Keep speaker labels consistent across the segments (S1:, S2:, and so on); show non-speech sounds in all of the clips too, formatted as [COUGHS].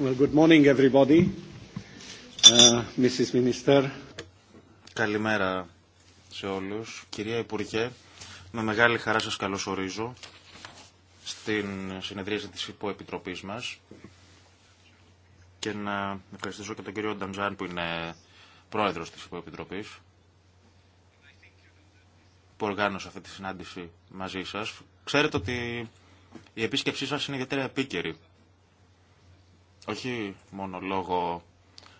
S1: Uh,
S2: Καλημέρα σε όλους. Κυρία Υπουργέ, με μεγάλη χαρά σας καλωσορίζω στην συνεδρίαση της υποεπιτροπής μας και να ευχαριστήσω και τον κύριο Νταντζάν που είναι πρόεδρος της υποεπιτροπής που οργάνωσε αυτή τη συνάντηση μαζί σας. Ξέρετε ότι η επίσκεψή σας είναι ιδιαίτερα επίκαιρη όχι μόνο λόγω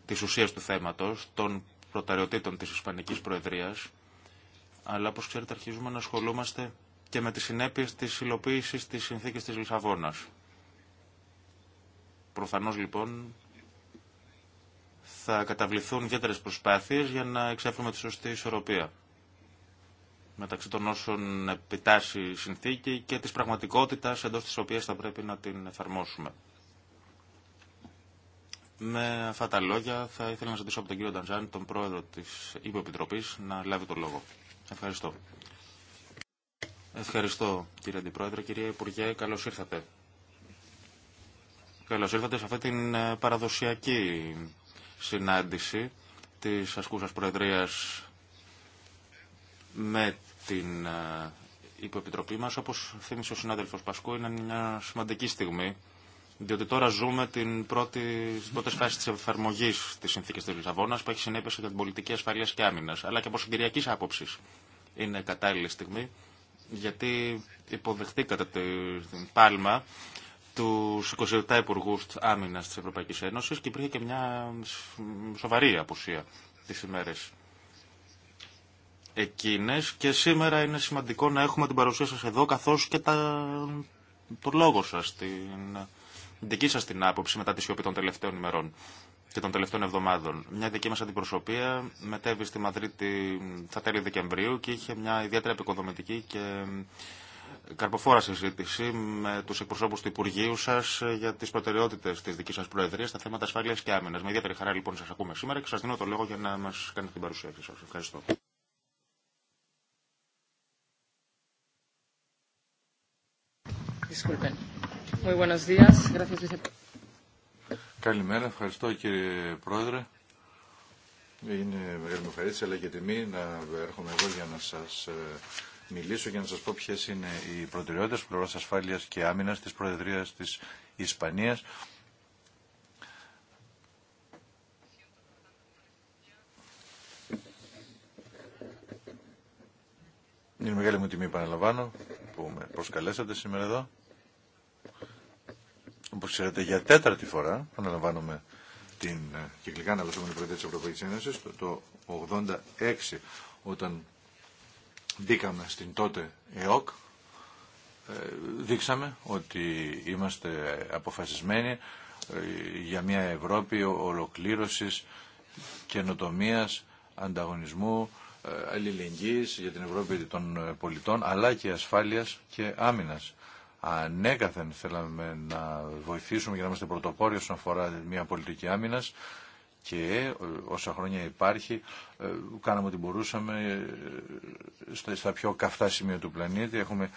S2: τη ουσία του θέματο των προτεραιοτήτων της Ισπανική Προεδρία, αλλά όπω ξέρετε αρχίζουμε να ασχολούμαστε και με τι συνέπειε τη υλοποίηση τη συνθήκη τη Λισαβόνα. Προφανώ λοιπόν θα καταβληθούν ιδιαίτερε προσπάθειε για να εξέφερουμε τη σωστή ισορροπία μεταξύ των όσων επιτάσσει η συνθήκη και της πραγματικότητας εντός της οποίας θα πρέπει να την εφαρμόσουμε. Με ναι, αυτά τα λόγια θα ήθελα να ζητήσω από τον κύριο Νταντζάν τον πρόεδρο της Υποεπιτροπής, να λάβει το λόγο. Ευχαριστώ. Ευχαριστώ κύριε Αντιπρόεδρε. Κύριε Υπουργέ, καλώς ήρθατε. Καλώς ήρθατε σε αυτή την ε, παραδοσιακή συνάντηση της ασκούσας προεδρίας με την ε, υποεπιτροπή μας. Όπως θύμισε ο συνάδελφος Πασκού, είναι μια σημαντική στιγμή διότι τώρα ζούμε την πρώτη, τις πρώτες φάσεις της εφαρμογής της συνθήκης της Λισαβόνας που έχει συνέπειες για την πολιτική ασφαλείας και άμυνας, αλλά και από συγκυριακής άποψης είναι κατάλληλη στιγμή, γιατί υποδεχτήκατε την πάλμα του 27 υπουργού άμυνα της Ευρωπαϊκής Ένωσης και υπήρχε και μια σοβαρή απουσία τις ημέρες εκείνες Και σήμερα είναι σημαντικό να έχουμε την παρουσία σα εδώ, καθώς και τα... το λόγο σα στην δική σα την άποψη μετά τη σιωπή των τελευταίων ημερών και των τελευταίων εβδομάδων. Μια δική μα αντιπροσωπεία μετέβη στη Μαδρίτη στα τέλη Δεκεμβρίου και είχε μια ιδιαίτερα επικοδομητική και καρποφόρα συζήτηση με του εκπροσώπου του Υπουργείου σα για τι προτεραιότητε τη δική σα Προεδρία στα θέματα ασφάλεια και άμυνα. Με ιδιαίτερη χαρά λοιπόν σα ακούμε σήμερα και σα δίνω το λόγο για να μα κάνετε την παρουσίαση σα. Ευχαριστώ.
S1: Καλημέρα, ευχαριστώ κύριε Πρόεδρε. Είναι μεγάλη μου ευχαρίστηση αλλά και τιμή να έρχομαι εγώ για να σας ε, μιλήσω και να σας πω ποιες είναι οι προτεραιότητες πλευράς ασφάλειας και άμυνας της Προεδρίας της Ισπανίας. Είναι μεγάλη μου τιμή, επαναλαμβάνω, που με προσκαλέσατε σήμερα εδώ. Όπω ξέρετε, για τέταρτη φορά αναλαμβάνουμε την ε, κυκλικά αναλογούμενη την Προεδρία της Ευρωπαϊκής Ένωσης το, 1986, 86 όταν μπήκαμε στην τότε ΕΟΚ ε, δείξαμε ότι είμαστε αποφασισμένοι ε, για μια Ευρώπη ολοκλήρωσης, καινοτομίας, ανταγωνισμού, αλληλεγγύης για την Ευρώπη των πολιτών, αλλά και ασφάλειας και άμυνας ανέκαθεν θέλαμε να βοηθήσουμε για να είμαστε πρωτοπόροι όσον αφορά μια πολιτική άμυνας και ε, όσα χρόνια υπάρχει ε, κάναμε ό,τι μπορούσαμε ε, στα πιο καυτά σημεία του πλανήτη. Έχουμε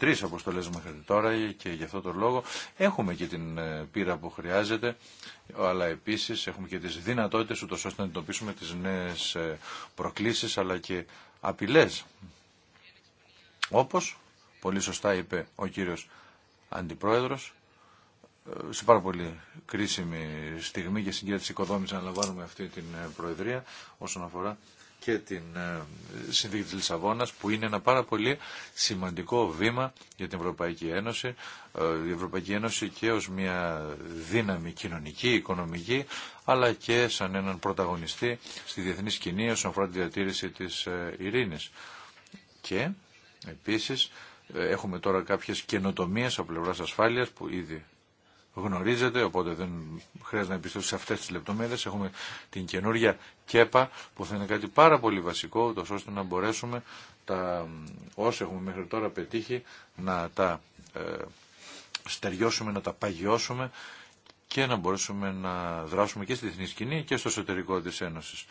S1: 23 αποστολές μέχρι τώρα και γι' αυτό το λόγο έχουμε και την πείρα που χρειάζεται αλλά επίσης έχουμε και τις δυνατότητες ούτως ώστε να αντιμετωπίσουμε τις νέες προκλήσεις αλλά και απειλές. Όπως πολύ σωστά είπε ο κύριος Αντιπρόεδρος, ε, σε πάρα πολύ κρίσιμη στιγμή και συγκέντρωση οικοδόμησης να λαμβάνουμε αυτή την ε, Προεδρία όσον αφορά και την ε, Συνθήκη της Λισαβόνας που είναι ένα πάρα πολύ σημαντικό βήμα για την Ευρωπαϊκή Ένωση η Ευρωπαϊκή Ένωση και ως μια δύναμη κοινωνική, οικονομική αλλά και σαν έναν πρωταγωνιστή στη διεθνή σκηνή όσον αφορά τη διατήρηση της ειρήνης και επίσης Έχουμε τώρα κάποιες καινοτομίες από πλευράς ασφάλειας που ήδη γνωρίζετε, οπότε δεν χρειάζεται να επιστρέψω σε αυτές τις λεπτομέρειες. Έχουμε την καινούργια ΚΕΠΑ που θα είναι κάτι πάρα πολύ βασικό, ώστε να μπορέσουμε τα όσα έχουμε μέχρι τώρα πετύχει να τα ε, στεριώσουμε, να τα παγιώσουμε και να μπορέσουμε να δράσουμε και στη διεθνή σκηνή και στο εσωτερικό της Ένωσης.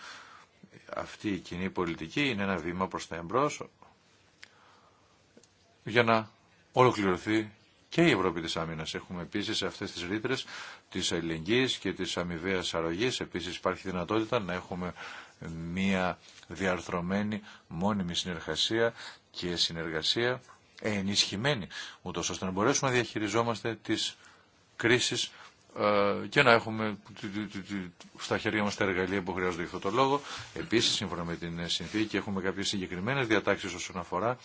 S1: Αυτή η κοινή πολιτική είναι ένα βήμα προς τα εμπρός, για να ολοκληρωθεί και η Ευρώπη της Άμυνας. Έχουμε επίσης αυτές τις ρήτρε της ελληνικής και της αμοιβαία αρρωγής. Επίσης υπάρχει δυνατότητα να έχουμε μία διαρθρωμένη μόνιμη συνεργασία και συνεργασία ενισχυμένη, ούτως ώστε να μπορέσουμε να διαχειριζόμαστε τις κρίσεις ε, και να έχουμε στα χέρια μας τα εργαλεία που χρειάζονται για αυτό το λόγο. Επίσης, σύμφωνα με την συνθήκη, έχουμε κάποιες συγκεκριμένες διατάξεις όσον αφορά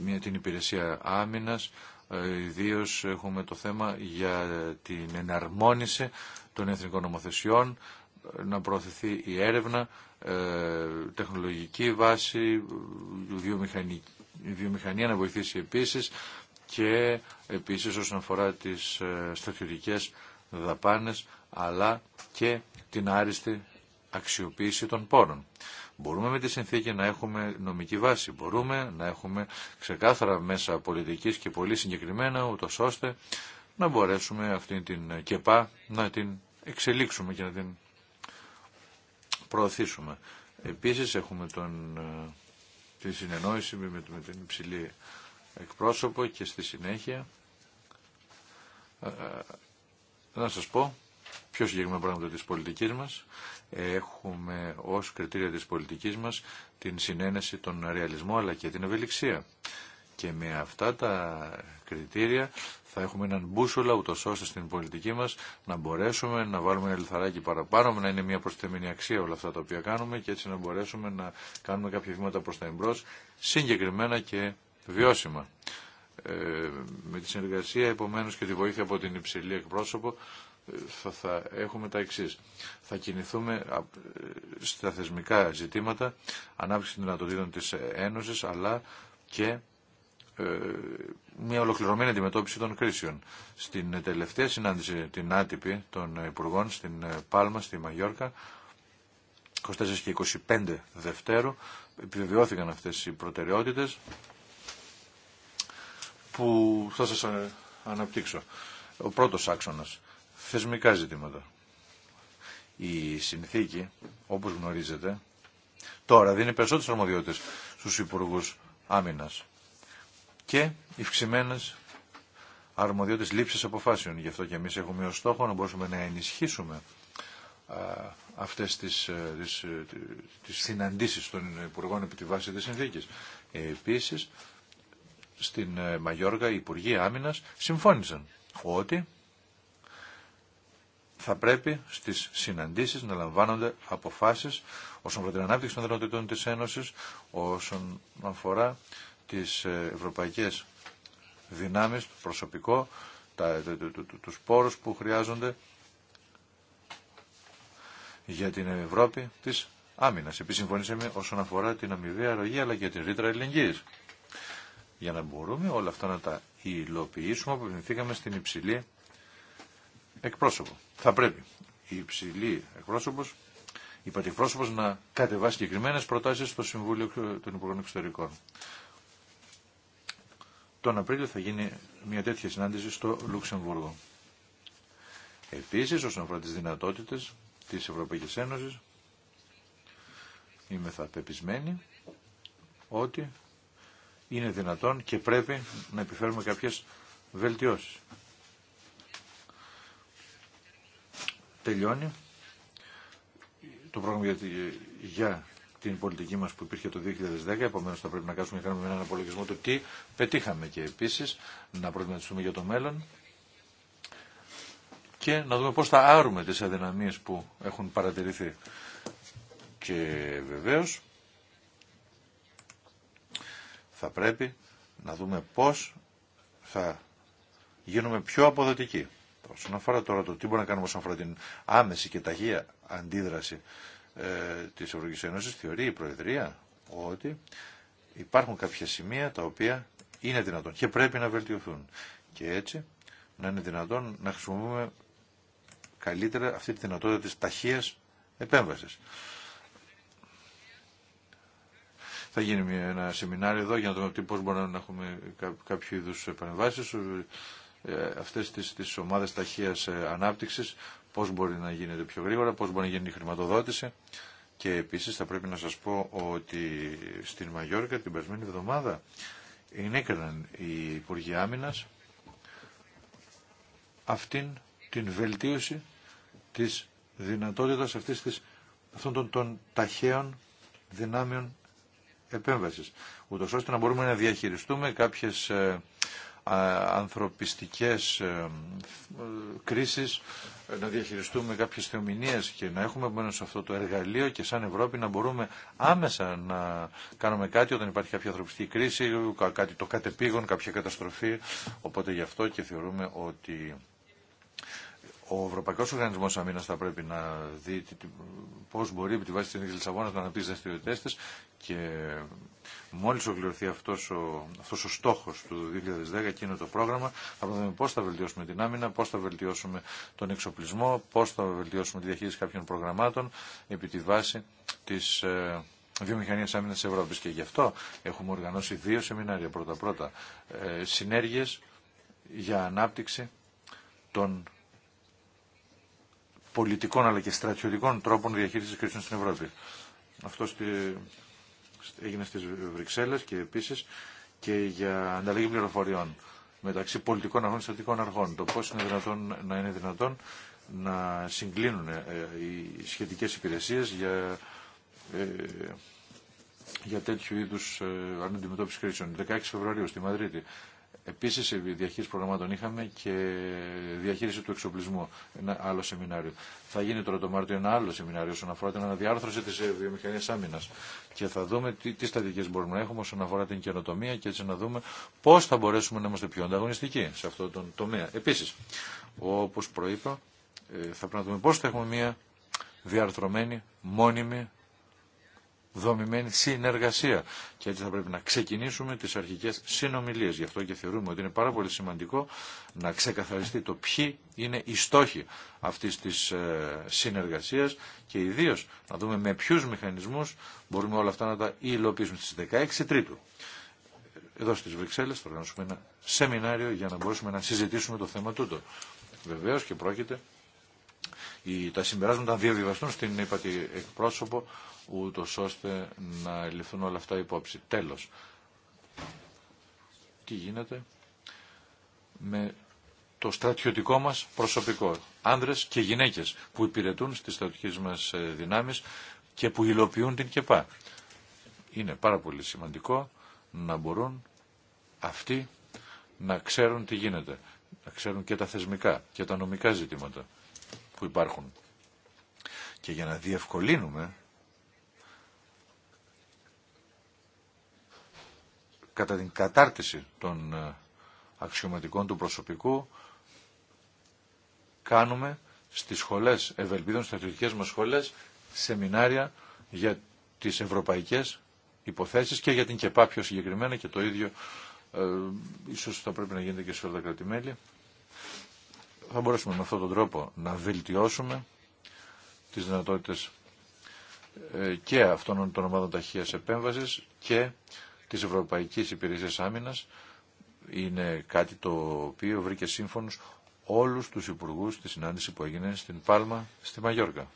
S1: μία την υπηρεσία άμυνας, ε, ιδίω έχουμε το θέμα για την εναρμόνιση των εθνικών νομοθεσιών, ε, να προωθηθεί η έρευνα, ε, τεχνολογική βάση, η βιομηχανία να βοηθήσει επίσης και επίσης όσον αφορά τις στρατιωτικές δαπάνες αλλά και την άριστη αξιοποίηση των πόρων. Μπορούμε με τη συνθήκη να έχουμε νομική βάση, μπορούμε να έχουμε ξεκάθαρα μέσα πολιτικής και πολύ συγκεκριμένα, ούτω ώστε να μπορέσουμε αυτήν την ΚΕΠΑ να την εξελίξουμε και να την προωθήσουμε. Επίσης έχουμε τον, ε, τη συνεννόηση με, με την υψηλή εκπρόσωπο και στη συνέχεια ε, ε, να σας πω πιο συγκεκριμένα πράγματα της πολιτικής μας έχουμε ως κριτήρια της πολιτικής μας την συνένεση, τον ρεαλισμό αλλά και την ευελιξία. Και με αυτά τα κριτήρια θα έχουμε έναν μπούσουλα ούτω ώστε στην πολιτική μας να μπορέσουμε να βάλουμε ένα λιθαράκι παραπάνω, να είναι μια προσθεμένη αξία όλα αυτά τα οποία κάνουμε και έτσι να μπορέσουμε να κάνουμε κάποια βήματα προς τα εμπρός συγκεκριμένα και βιώσιμα. Ε, με τη συνεργασία επομένως και τη βοήθεια από την υψηλή εκπρόσωπο θα, έχουμε τα εξής. Θα κινηθούμε στα θεσμικά ζητήματα, ανάπτυξη των δυνατοτήτων της Ένωσης, αλλά και ε, μια ολοκληρωμένη αντιμετώπιση των κρίσεων. Στην τελευταία συνάντηση την άτυπη των Υπουργών στην ε, Πάλμα, στη Μαγιόρκα, 24 και 25 Δευτέρου, επιβεβαιώθηκαν αυτές οι προτεραιότητες που θα σας ε, αναπτύξω. Ο πρώτος άξονας θεσμικά ζητήματα. Η συνθήκη, όπως γνωρίζετε, τώρα δίνει περισσότερες αρμοδιότητες στους υπουργούς άμυνας και ευξημένες αρμοδιότητες λήψης αποφάσεων. Γι' αυτό και εμείς έχουμε ως στόχο να μπορούμε να ενισχύσουμε αυτές τις, ε, τις, ε, τις συναντήσεις των Υπουργών επί τη βάση της συνθήκης. Επίσης, στην ε, Μαγιόργα οι Υπουργοί Άμυνας συμφώνησαν ότι θα πρέπει στι συναντήσει να λαμβάνονται αποφάσει όσον αφορά την ανάπτυξη των δυνατοτήτων τη Ένωση, όσον αφορά τι ε, ευρωπαϊκέ δυνάμει, το προσωπικό, του πόρου που χρειάζονται για την Ευρώπη τη Άμυνα, Επίση, συμφωνήσαμε όσον αφορά την αμοιβή αρρωγή αλλά και την ρήτρα ελληνική, Για να μπορούμε όλα αυτά να τα υλοποιήσουμε, απευθυνθήκαμε στην υψηλή εκπρόσωπο θα πρέπει η υψηλή εκπρόσωπος, η να κατεβάσει συγκεκριμένε προτάσεις στο Συμβούλιο των Υπουργών Εξωτερικών. Τον Απρίλιο θα γίνει μια τέτοια συνάντηση στο Λουξεμβούργο. Επίσης, όσον αφορά τις δυνατότητες της Ευρωπαϊκής Ένωσης, είμαι θα πεπισμένη ότι είναι δυνατόν και πρέπει να επιφέρουμε κάποιες βελτιώσεις. τελειώνει το πρόγραμμα για, την πολιτική μας που υπήρχε το 2010, επομένως θα πρέπει να κάτσουμε κάνουμε έναν απολογισμό του τι πετύχαμε και επίσης να προβληματιστούμε για το μέλλον και να δούμε πώς θα άρουμε τις αδυναμίες που έχουν παρατηρηθεί. Και βεβαίως θα πρέπει να δούμε πώς θα γίνουμε πιο αποδοτικοί. Όσον αφορά τώρα το τι μπορεί να κάνουμε όσον αφορά την άμεση και ταχεία αντίδραση ε, της Ευρωπαϊκής Ένωσης, θεωρεί η Προεδρία ότι υπάρχουν κάποια σημεία τα οποία είναι δυνατόν και πρέπει να βελτιωθούν. Και έτσι να είναι δυνατόν να χρησιμοποιούμε καλύτερα αυτή τη δυνατότητα της ταχείας επέμβασης. Θα γίνει ένα σεμινάριο εδώ για να δούμε πώς μπορούμε να έχουμε κάποιο είδους επανεμβάσεις ε, αυτές τις, τις ομάδες ταχείας ε, ανάπτυξης, πώς μπορεί να γίνεται πιο γρήγορα, πώς μπορεί να γίνει η χρηματοδότηση. Και επίσης θα πρέπει να σας πω ότι στην Μαγιόρκα την περσμένη εβδομάδα ενέκριναν οι Υπουργοί Άμυνας αυτήν την βελτίωση της δυνατότητας αυτών των, των ταχαίων δυνάμεων επέμβασης, ούτως ώστε να μπορούμε να διαχειριστούμε κάποιε. Ε, ανθρωπιστικές ε, ε, κρίσεις, να διαχειριστούμε κάποιες θεομηνίες και να έχουμε μόνο σε αυτό το εργαλείο και σαν Ευρώπη να μπορούμε άμεσα να κάνουμε κάτι όταν υπάρχει κάποια ανθρωπιστική κρίση, κάτι το κατεπήγον, κάποια καταστροφή. Οπότε γι' αυτό και θεωρούμε ότι ο Ευρωπαϊκό Οργανισμό Αμήνα θα πρέπει να δει πώ μπορεί επί τη βάση τη Συνθήκη Λισαβόνα να αναπτύσσει δραστηριότητέ τη και μόλι ολοκληρωθεί αυτό ο, ο στόχο του 2010, εκείνο το πρόγραμμα, θα δούμε πώ θα βελτιώσουμε την άμυνα, πώ θα βελτιώσουμε τον εξοπλισμό, πώ θα βελτιώσουμε τη διαχείριση κάποιων προγραμμάτων επί τη βάση τη ε, βιομηχανία άμυνα τη Ευρώπη. Και γι' αυτό έχουμε οργανώσει δύο σεμινάρια πρώτα-πρώτα. Ε, Συνέργειε για ανάπτυξη των πολιτικών αλλά και στρατιωτικών τρόπων διαχείρισης κρίσεων στην Ευρώπη. Αυτό στη... έγινε στις Βρυξέλλες και επίσης και για ανταλλαγή πληροφοριών μεταξύ πολιτικών αρχών και στρατιωτικών αρχών. Το πώς είναι δυνατόν να είναι δυνατόν να συγκλίνουν ε, οι σχετικές υπηρεσίες για, ε, για τέτοιου είδους ε, αντιμετώπιση κρίσεων. 16 Φεβρουαρίου στη Μαδρίτη Επίση, διαχείριση προγραμμάτων είχαμε και διαχείριση του εξοπλισμού. Ένα άλλο σεμινάριο. Θα γίνει τώρα το Μάρτιο ένα άλλο σεμινάριο όσον αφορά την αναδιάρθρωση τη ε, βιομηχανία άμυνα. Και θα δούμε τι, τι μπορούμε να έχουμε όσον αφορά την καινοτομία και έτσι να δούμε πώ θα μπορέσουμε να είμαστε πιο ανταγωνιστικοί σε αυτό τον τομέα. Επίση, όπω προείπα, ε, θα πρέπει να δούμε πώ θα έχουμε μια διαρθρωμένη, μόνιμη δομημένη συνεργασία. Και έτσι θα πρέπει να ξεκινήσουμε τις αρχικές συνομιλίες. Γι' αυτό και θεωρούμε ότι είναι πάρα πολύ σημαντικό να ξεκαθαριστεί το ποιοι είναι οι στόχοι αυτής της ε, συνεργασίας και ιδίως να δούμε με ποιους μηχανισμούς μπορούμε όλα αυτά να τα υλοποιήσουμε στις 16 Τρίτου. Εδώ στις Βρυξέλλες θα οργανώσουμε ένα σεμινάριο για να μπορέσουμε να συζητήσουμε το θέμα τούτο. Βεβαίως και πρόκειται τα συμπεράσματα να διαβιβαστούν στην ύπατη εκπρόσωπο, ούτω ώστε να ληφθούν όλα αυτά υπόψη. Τέλος, τι γίνεται με το στρατιωτικό μας προσωπικό, άνδρες και γυναίκες που υπηρετούν στις στρατιωτικές μας ε, δυνάμεις και που υλοποιούν την ΚΕΠΑ. Είναι πάρα πολύ σημαντικό να μπορούν αυτοί να ξέρουν τι γίνεται, να ξέρουν και τα θεσμικά και τα νομικά ζητήματα που υπάρχουν. Και για να διευκολύνουμε κατά την κατάρτιση των ε, αξιωματικών του προσωπικού κάνουμε στις σχολές ευελπίδων, στις στρατιωτικές μας σχολές, σεμινάρια για τις ευρωπαϊκές υποθέσεις και για την ΚΕΠΑ πιο συγκεκριμένα και το ίδιο ε, ίσως θα πρέπει να γίνεται και σε όλα τα κρατημέλη θα μπορέσουμε με αυτόν τον τρόπο να βελτιώσουμε τις δυνατότητες ε, και αυτών των ομάδων ταχείας επέμβασης και της Ευρωπαϊκής Υπηρεσίας Άμυνας. Είναι κάτι το οποίο βρήκε σύμφωνος όλους τους υπουργούς στη συνάντηση που έγινε στην Πάλμα, στη Μαγιόρκα.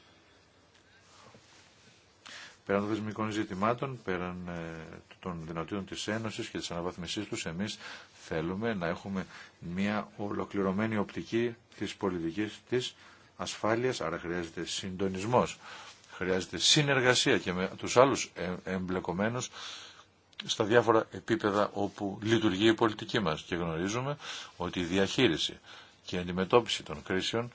S1: Πέραν των θεσμικών ζητημάτων, πέραν ε, των δυνατήτων της Ένωσης και της αναβαθμισής τους, εμείς Θέλουμε να έχουμε μια ολοκληρωμένη οπτική της πολιτικής της ασφάλειας, άρα χρειάζεται συντονισμός, χρειάζεται συνεργασία και με τους άλλους ε, εμπλεκομένους στα διάφορα επίπεδα όπου λειτουργεί η πολιτική μας και γνωρίζουμε ότι η διαχείριση και η αντιμετώπιση των κρίσεων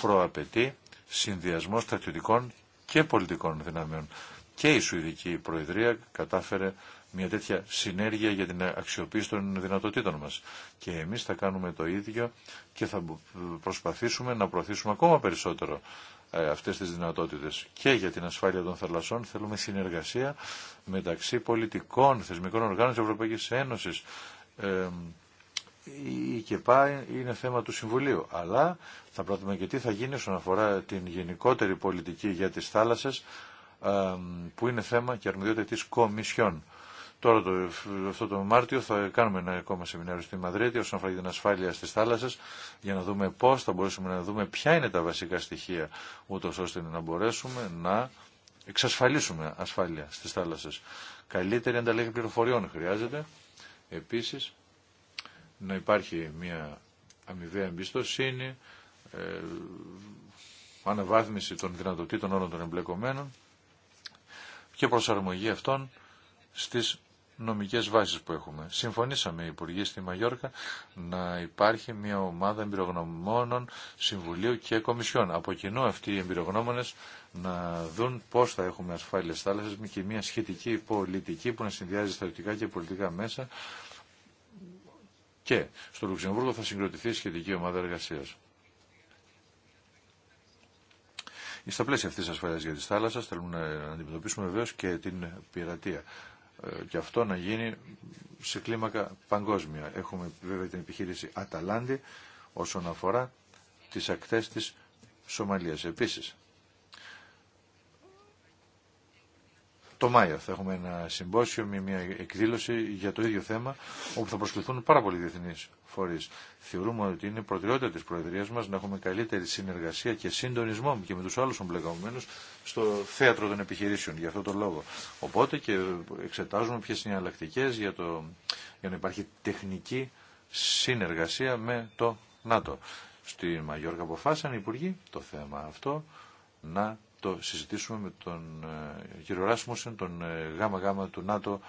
S1: προαπαιτεί συνδυασμό στρατιωτικών και πολιτικών δυναμιών. Και η Σουηδική Προεδρία κατάφερε μια τέτοια συνέργεια για την αξιοποίηση των δυνατοτήτων μας. Και εμείς θα κάνουμε το ίδιο και θα προσπαθήσουμε να προωθήσουμε ακόμα περισσότερο ε, αυτές τις δυνατότητες. Και για την ασφάλεια των θαλασσών θέλουμε συνεργασία μεταξύ πολιτικών θεσμικών οργάνων της Ευρωπαϊκής Ένωσης. Ε, η ΚΕΠΑ είναι θέμα του Συμβουλίου, αλλά θα πράττουμε και τι θα γίνει όσον αφορά την γενικότερη πολιτική για τις θάλασσες, που είναι θέμα και αρμοδιότητα της Κομισιόν. Τώρα το, αυτό το Μάρτιο θα κάνουμε ένα ακόμα σεμινάριο στη Μαδρίτη όσον αφορά την ασφάλεια στις θάλασσες για να δούμε πώς θα μπορέσουμε να δούμε ποια είναι τα βασικά στοιχεία ούτως ώστε να μπορέσουμε να εξασφαλίσουμε ασφάλεια στις θάλασσες. Καλύτερη ανταλλαγή πληροφοριών χρειάζεται. Επίσης να υπάρχει μια αμοιβαία εμπιστοσύνη, ε, αναβάθμιση των δυνατοτήτων όλων των εμπλεκομένων και προσαρμογή αυτών στις νομικές βάσεις που έχουμε. Συμφωνήσαμε οι Υπουργοί στη Μαγιόρκα να υπάρχει μια ομάδα εμπειρογνωμόνων Συμβουλίου και Κομισιών. Από κοινού αυτοί οι εμπειρογνώμονες να δουν πώς θα έχουμε ασφάλειες θάλασσες και μια σχετική πολιτική που να συνδυάζει στρατιωτικά και πολιτικά μέσα και στο Λουξεμβούργο θα συγκροτηθεί σχετική ομάδα εργασία. Στα πλαίσια αυτή τη ασφαλεία για τη θάλασσα θέλουμε να αντιμετωπίσουμε βεβαίω και την πειρατεία. Ε, και αυτό να γίνει σε κλίμακα παγκόσμια. Έχουμε βέβαια την επιχείρηση Αταλάντη όσον αφορά τις ακτές της Σομαλίας. Επίσης, Το Μάιο θα έχουμε ένα συμπόσιο, μια εκδήλωση για το ίδιο θέμα, όπου θα προσκληθούν πάρα πολλοί διεθνεί φορεί. Θεωρούμε ότι είναι προτεραιότητα τη Προεδρία μα να έχουμε καλύτερη συνεργασία και συντονισμό και με του άλλου εμπλεκομένου στο θέατρο των επιχειρήσεων, για αυτό το λόγο. Οπότε και εξετάζουμε ποιε είναι οι αλλακτικέ για, για να υπάρχει τεχνική συνεργασία με το ΝΑΤΟ. Στη Μαγιόρκα αποφάσισαν οι υπουργοί το θέμα αυτό να το συζητήσουμε με τον ε, κύριο Ράσμουσεν, τον ε, ΓΓ του ΝΑΤΟ,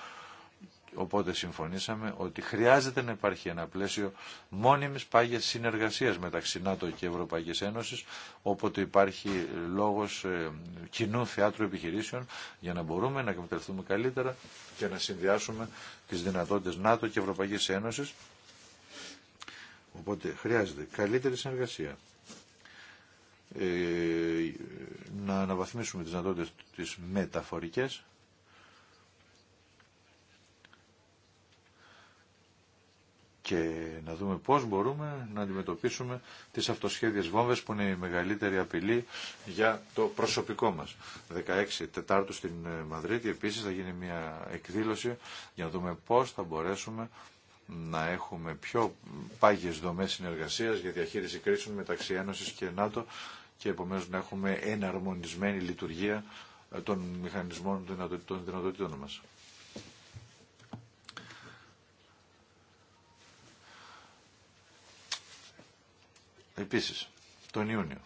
S1: οπότε συμφωνήσαμε ότι χρειάζεται να υπάρχει ένα πλαίσιο μόνιμης πάγιας συνεργασίας μεταξύ ΝΑΤΟ και Ευρωπαϊκής Ένωσης, όποτε υπάρχει λόγος ε, κοινού θεάτρου επιχειρήσεων για να μπορούμε να εκμεταλλευτούμε καλύτερα και να συνδυάσουμε τις δυνατότητες ΝΑΤΟ και Ευρωπαϊκής Ένωσης. Οπότε χρειάζεται καλύτερη συνεργασία. Ε, να αναβαθμίσουμε τις δυνατότητες τις μεταφορικές και να δούμε πώς μπορούμε να αντιμετωπίσουμε τις αυτοσχέδιες βόμβες που είναι η μεγαλύτερη απειλή για το προσωπικό μας. 16 Τετάρτου στην ε, Μαδρίτη επίσης θα γίνει μια εκδήλωση για να δούμε πώς θα μπορέσουμε να έχουμε πιο πάγιες δομές συνεργασίας για διαχείριση κρίσεων μεταξύ Ένωσης και ΝΑΤΟ και επομένως να έχουμε εναρμονισμένη λειτουργία ε, των μηχανισμών των δυνατοτήτων μας. Επίσης, τον Ιούνιο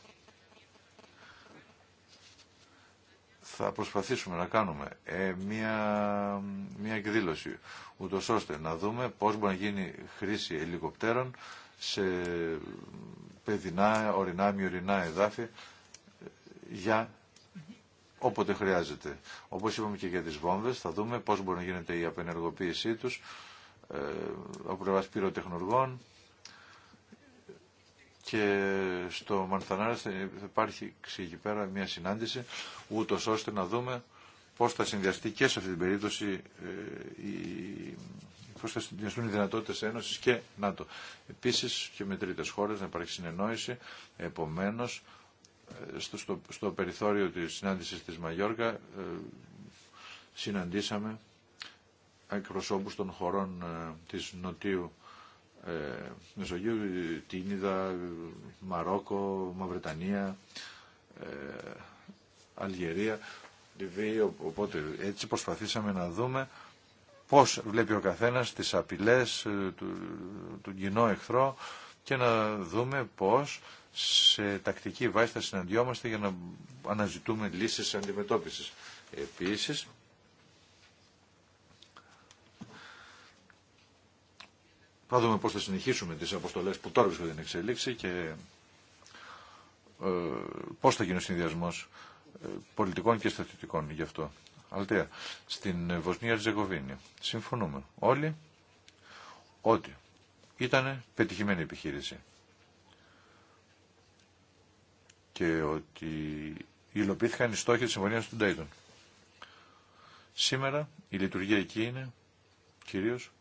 S1: θα προσπαθήσουμε να κάνουμε ε, μια, μια εκδήλωση, ούτω ώστε να δούμε πώς μπορεί να γίνει χρήση ελικοπτέρων σε παιδινά, ορεινά, μειωρινά εδάφη για όποτε χρειάζεται. Όπως είπαμε και για τις βόμβες, θα δούμε πώς μπορεί να γίνεται η απενεργοποίησή τους ε, από πλευράς πυροτεχνουργών και στο Μανθανάρα θα υπάρχει εκεί πέρα μια συνάντηση ούτω ώστε να δούμε πώς θα συνδυαστεί και σε αυτή την περίπτωση ε, η πώς θα συντηρηθούν οι δυνατότητε Ένωση και ΝΑΤΟ. Επίσης και με τρίτες χώρες να υπάρχει συνεννόηση, επομένως ε, στο, στο, στο περιθώριο της συνάντηση της Μαγιόρκα ε, συναντήσαμε εκπροσώπου των χωρών ε, της Νοτίου ε, Μεσογείου, Τίνιδα, Μαρόκο, Μαυρετανία, ε, Αλγερία, Λιβύη, οπότε έτσι προσπαθήσαμε να δούμε πώς βλέπει ο καθένας τις απειλές ε, του, του κοινό εχθρό και να δούμε πώς σε τακτική βάση θα συναντιόμαστε για να αναζητούμε λύσεις αντιμετώπισης. Επίσης, θα δούμε πώς θα συνεχίσουμε τις αποστολές που τώρα βρίσκονται την εξέλιξη και ε, πώς θα γίνει ο συνδυασμός ε, πολιτικών και στρατιωτικών γι' αυτό. Αλτέα, στην Βοσνία Ριζεγοβίνη Συμφωνούμε όλοι ότι ήταν πετυχημένη επιχείρηση και ότι υλοποιήθηκαν οι στόχοι της συμφωνίας του Ντέιτον. Σήμερα η λειτουργία εκεί είναι κυρίως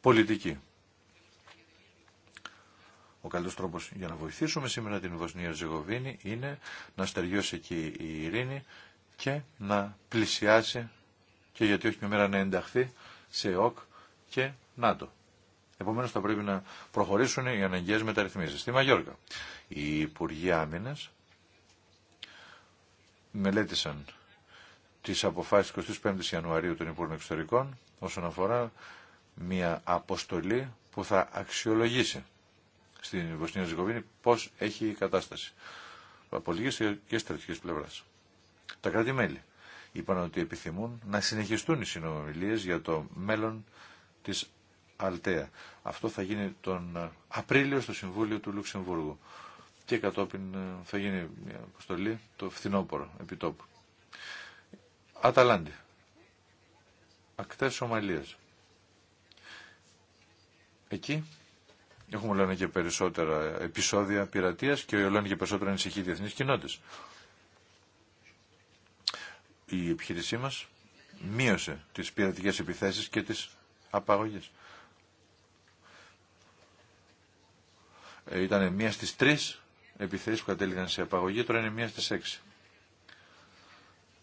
S1: πολιτική. Ο καλύτερος τρόπος για να βοηθήσουμε σήμερα την Βοσνία Ζεγοβίνη είναι να στεριώσει εκεί η ειρήνη και να πλησιάσει και γιατί όχι μια μέρα να ενταχθεί σε ΟΚ και ΝΑΤΟ. Επομένω θα πρέπει να προχωρήσουν οι αναγκαίε μεταρρυθμίσει. Στη Μαγιόρκα, οι Υπουργοί Άμυνα μελέτησαν τι αποφάσει 25 Ιανουαρίου των Υπουργών Εξωτερικών όσον αφορά μια αποστολή που θα αξιολογήσει στην Βοσνία Ζεγοβίνη πώ έχει η κατάσταση από και στρατηγική πλευρά. Τα κράτη-μέλη είπαν ότι επιθυμούν να συνεχιστούν οι συνομιλίε για το μέλλον της Αλτέα. Αυτό θα γίνει τον Απρίλιο στο Συμβούλιο του Λουξεμβούργου και κατόπιν ε, θα γίνει μια αποστολή το φθινόπωρο επιτόπου. Αταλάντη. Ακτές Σομαλίας. Εκεί έχουμε λένε και περισσότερα επεισόδια πειρατείας και λένε και περισσότερα ανησυχεί διεθνείς κοινότητες η επιχείρησή μας μείωσε τις πειρατικές επιθέσεις και τις απαγωγές. Ε, Ήταν μία στις τρεις επιθέσεις που κατέληγαν σε απαγωγή, τώρα είναι μία στις έξι.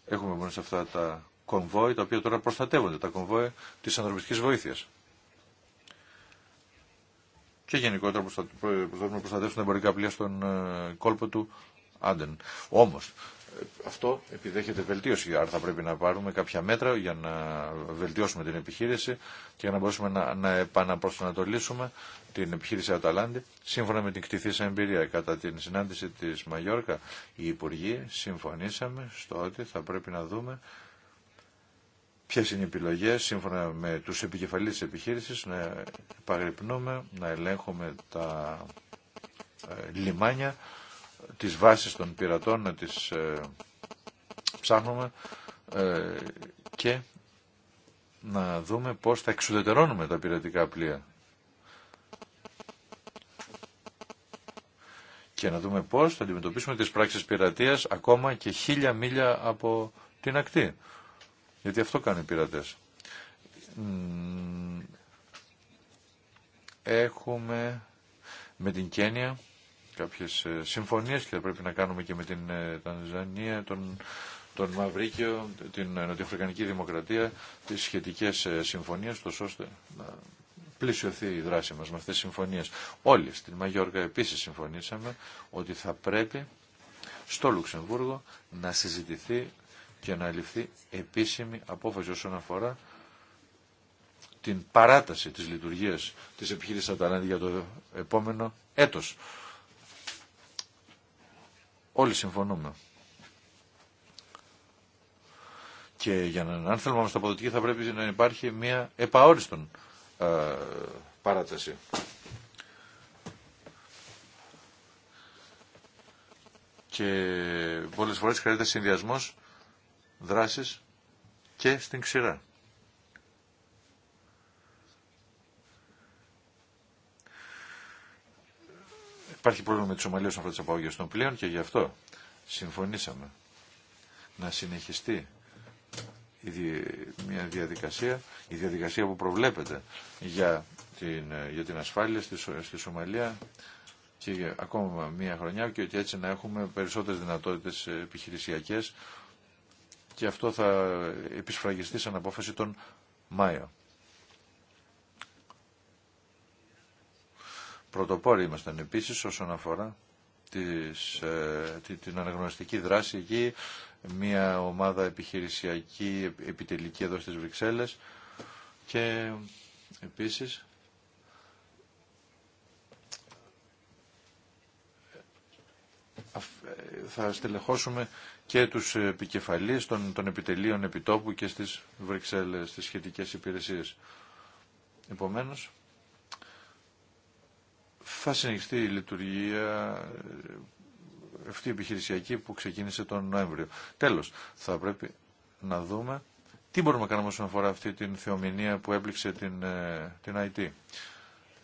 S1: Έχουμε μόνο σε αυτά τα κομβόη, τα οποία τώρα προστατεύονται, τα κομβόη της ανθρωπιστικής βοήθειας. Και γενικότερα προσπαθούμε να προστατεύσουν εμπορικά πλοία στον ε, κόλπο του Άντεν. Όμως, αυτό επιδέχεται βελτίωση. Άρα θα πρέπει να πάρουμε κάποια μέτρα για να βελτιώσουμε την επιχείρηση και για να μπορέσουμε να, να επαναπροσανατολίσουμε την επιχείρηση Αταλάντη σύμφωνα με την κτηθήσα εμπειρία. Κατά την συνάντηση της Μαγιόρκα, οι Υπουργοί συμφωνήσαμε στο ότι θα πρέπει να δούμε ποιε είναι οι επιλογέ σύμφωνα με του επικεφαλεί τη επιχείρηση, να επαγρυπνούμε, να ελέγχουμε τα ε, λιμάνια τις βάσεις των πειρατών, να τις ε, ψάχνουμε ε, και να δούμε πώς θα εξουδετερώνουμε τα πειρατικά πλοία. Και να δούμε πώς θα αντιμετωπίσουμε τις πράξεις πειρατείας ακόμα και χίλια μίλια από την ακτή. Γιατί αυτό κάνουν οι πειρατές. Έχουμε με την Κένια κάποιες ε, συμφωνίες και θα πρέπει να κάνουμε και με την ε, Τανζανία, τον, τον Μαυρίκιο, την Νοτιοαφρικανική Δημοκρατία, τις σχετικές ε, συμφωνίες, ώστε να πλησιωθεί η δράση μας με αυτές τις συμφωνίες. Όλοι στην Μαγιόρκα επίσης συμφωνήσαμε ότι θα πρέπει στο Λουξεμβούργο να συζητηθεί και να ληφθεί επίσημη απόφαση όσον αφορά την παράταση της λειτουργίας της επιχείρησης Αταλάντη για το επόμενο έτος. Όλοι συμφωνούμε. Και για να, αν θέλουμε να είμαστε θα πρέπει να υπάρχει μια επαόριστον ε, παράταση. Και πολλές φορές χρειάζεται συνδυασμός δράσης και στην ξηρά. Υπάρχει πρόβλημα με τη Σομαλία όσον αφορά τι απαγωγέ των πλοίων και γι' αυτό συμφωνήσαμε να συνεχιστεί μια διαδικασία, η διαδικασία που προβλέπεται για την, για την ασφάλεια στη, στη Σομαλία και για ακόμα μία χρονιά και ότι έτσι να έχουμε περισσότερες δυνατότητες επιχειρησιακές και αυτό θα επισφραγιστεί σαν απόφαση τον Μάιο. Πρωτοπόροι ήμασταν επίσης όσον αφορά ε, την αναγνωριστική δράση εκεί, μια ομάδα επιχειρησιακή επιτελική εδώ στις Βρυξέλλες και επίσης ε, θα στελεχώσουμε και τους επικεφαλείς των, των επιτελείων επιτόπου και στις Βρυξέλλες, στις σχετικές υπηρεσίες. Επομένως, θα συνεχιστεί η λειτουργία ε, αυτή η επιχειρησιακή που ξεκίνησε τον Νοέμβριο. Τέλος, θα πρέπει να δούμε τι μπορούμε να κάνουμε όσον αφορά αυτή την θεομηνία που έπληξε την, ε, την IT.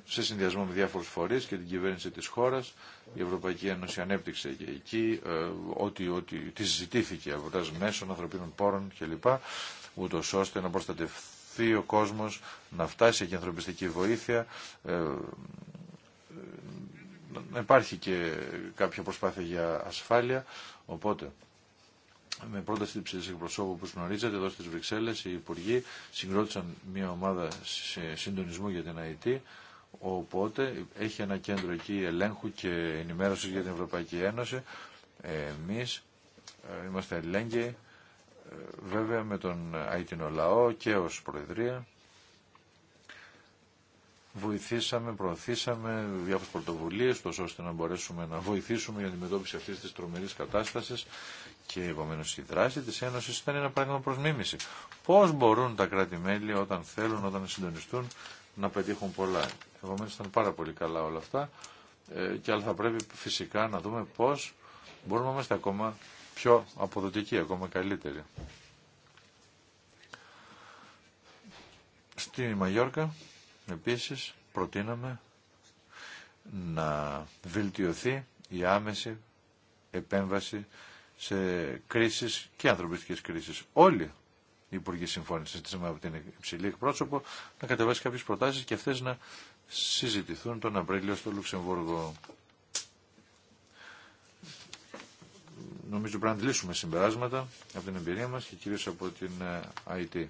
S1: Σε συνδυασμό με διάφορους φορείς και την κυβέρνηση της χώρας, η Ευρωπαϊκή Ένωση ανέπτυξε και εκεί ε, ό,τι, ό,τι τη ζητήθηκε από τα μέσων, ανθρωπίνων πόρων κλπ. Ούτω ώστε να προστατευθεί ο κόσμος, να φτάσει και ανθρωπιστική βοήθεια, ε, ε, να υπάρχει και κάποια προσπάθεια για ασφάλεια. Οπότε, με πρόταση τη εκπροσώπου, όπω γνωρίζετε, εδώ στι Βρυξέλλε, οι υπουργοί συγκρότησαν μια ομάδα συντονισμού για την ΑΕΤ. Οπότε έχει ένα κέντρο εκεί ελέγχου και ενημέρωση για την Ευρωπαϊκή Ένωση. Εμεί ε, είμαστε ελέγχοι ε, βέβαια, με τον ΑΕΤΙΝΟ λαό και ω Προεδρία βοηθήσαμε, προωθήσαμε διάφορε πρωτοβουλίε, τόσο ώστε να μπορέσουμε να βοηθήσουμε για την αντιμετώπιση αυτή τη τρομερή κατάσταση και επομένω η δράση τη Ένωση ήταν ένα πράγμα προ μίμηση. Πώ μπορούν τα κράτη-μέλη όταν θέλουν, όταν συντονιστούν να πετύχουν πολλά. Επομένω ήταν πάρα πολύ καλά όλα αυτά ε, και αλλά θα πρέπει φυσικά να δούμε πώ μπορούμε να είμαστε ακόμα πιο αποδοτικοί, ακόμα καλύτεροι. Στη Μαγιόρκα Επίσης προτείναμε να βελτιωθεί η άμεση επέμβαση σε κρίσεις και ανθρωπιστικές κρίσεις. Όλοι οι υπουργοί συμφώνησαν ζητήσαμε από την υψηλή εκπρόσωπο να κατεβάσει κάποιες προτάσεις και αυτές να συζητηθούν τον Απρίλιο στο Λουξεμβούργο. Νομίζω πρέπει να συμπεράσματα από την εμπειρία μας και κυρίως από την ε, IT.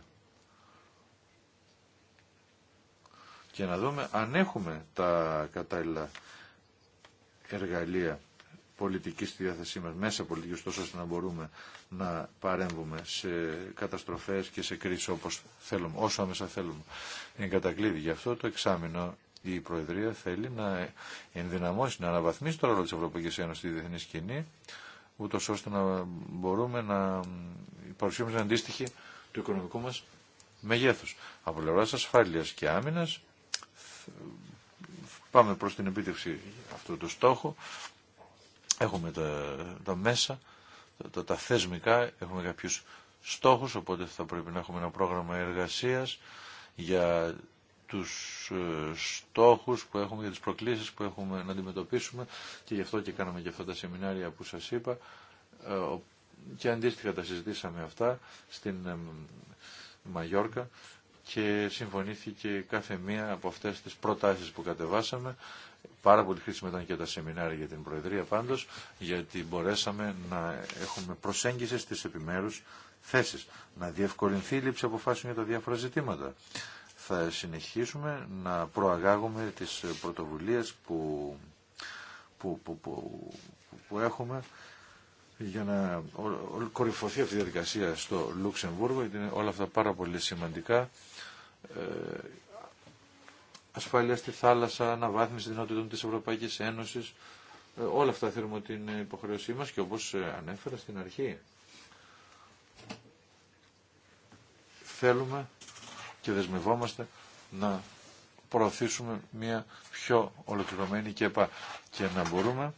S1: και να δούμε αν έχουμε τα κατάλληλα εργαλεία πολιτικής στη διάθεσή μας, μέσα πολιτικής, τόσο ώστε να μπορούμε να παρέμβουμε σε καταστροφές και σε κρίσεις όπως θέλουμε, όσο άμεσα θέλουμε. Είναι κατακλείδη. Γι' αυτό το εξάμεινο η Προεδρία θέλει να ενδυναμώσει, να αναβαθμίσει το ρόλο της Ευρωπαϊκής Ένωσης στη διεθνή σκηνή, ούτω ώστε να μπορούμε να παρουσιάσουμε αντίστοιχη του οικονομικού μας μεγέθους. Από πλευρά ασφάλειας και άμυνας πάμε προς την επίτευξη αυτού του στόχου. Έχουμε τα, μέσα, τα, τα θεσμικά, έχουμε κάποιους στόχους, οπότε θα πρέπει να έχουμε ένα πρόγραμμα εργασίας για τους ε, στόχους που έχουμε, για τις προκλήσεις που έχουμε να αντιμετωπίσουμε και γι' αυτό και κάναμε και αυτά τα σεμινάρια που σας είπα ε, και αντίστοιχα τα συζητήσαμε αυτά στην ε, Μαγιόρκα και συμφωνήθηκε κάθε μία από αυτές τις προτάσεις που κατεβάσαμε. Πάρα πολύ χρήσιμα ήταν και τα σεμινάρια για την Προεδρία πάντως, γιατί μπορέσαμε να έχουμε προσέγγιση στις επιμέρους θέσεις, να διευκολυνθεί η λήψη αποφάσεων για τα διάφορα ζητήματα. Θα συνεχίσουμε να προαγάγουμε τις πρωτοβουλίες που, που, έχουμε για να κορυφωθεί αυτή η διαδικασία στο Λουξεμβούργο, γιατί είναι όλα αυτά πάρα πολύ σημαντικά ε, ασφάλεια στη θάλασσα, αναβάθμιση δυνατοτήτων της Ευρωπαϊκής Ένωσης. Ε, όλα αυτά θέλουμε ότι είναι υποχρέωσή μας και όπως ε, ανέφερα στην αρχή. Θέλουμε και δεσμευόμαστε να προωθήσουμε μια πιο ολοκληρωμένη ΚΕΠΑ και να μπορούμε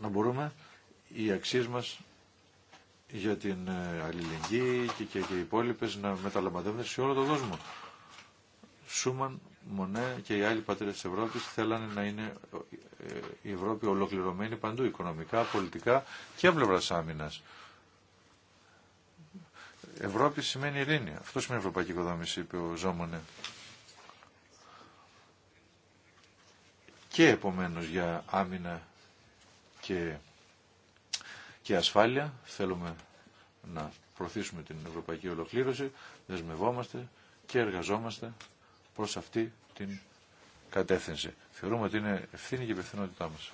S1: να μπορούμε οι αξίες μας για την ε, αλληλεγγύη και, και, οι υπόλοιπε να μεταλαμπαδεύονται σε όλο τον κόσμο. Σούμαν, Μονέ και οι άλλοι πατέρε τη Ευρώπη θέλανε να είναι ε, η Ευρώπη ολοκληρωμένη παντού, οικονομικά, πολιτικά και πλευρά άμυνα. Ευρώπη σημαίνει ειρήνη. Αυτό σημαίνει ευρωπαϊκή οικοδόμηση, είπε ο Ζόμονε. Και επομένω για άμυνα και και ασφάλεια. Θέλουμε να προωθήσουμε την ευρωπαϊκή ολοκλήρωση. Δεσμευόμαστε και εργαζόμαστε προς αυτή την κατεύθυνση. Θεωρούμε ότι είναι ευθύνη και υπευθυνότητά μας.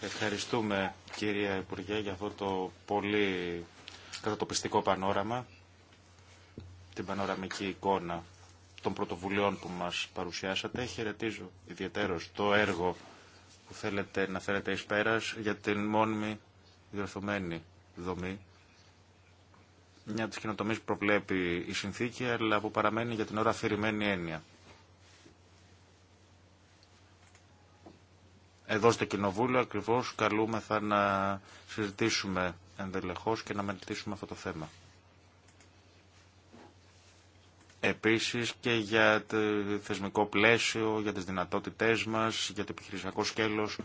S2: Ευχαριστούμε κυρία Υπουργέ για αυτό το πολύ κατατοπιστικό πανόραμα, την πανοραμική εικόνα των πρωτοβουλειών που μας παρουσιάσατε. Χαιρετίζω ιδιαίτερος το έργο που θέλετε να φέρετε εις πέρας για την μόνιμη διορθωμένη δομή. Μια τη τις που προβλέπει η συνθήκη, αλλά που παραμένει για την ώρα αφηρημένη έννοια. Εδώ στο Κοινοβούλιο ακριβώς καλούμεθα να συζητήσουμε ενδελεχώς και να μελετήσουμε αυτό το θέμα. Επίσης και για το θεσμικό πλαίσιο, για τις δυνατότητές μας, για το επιχειρησιακό σκέλος.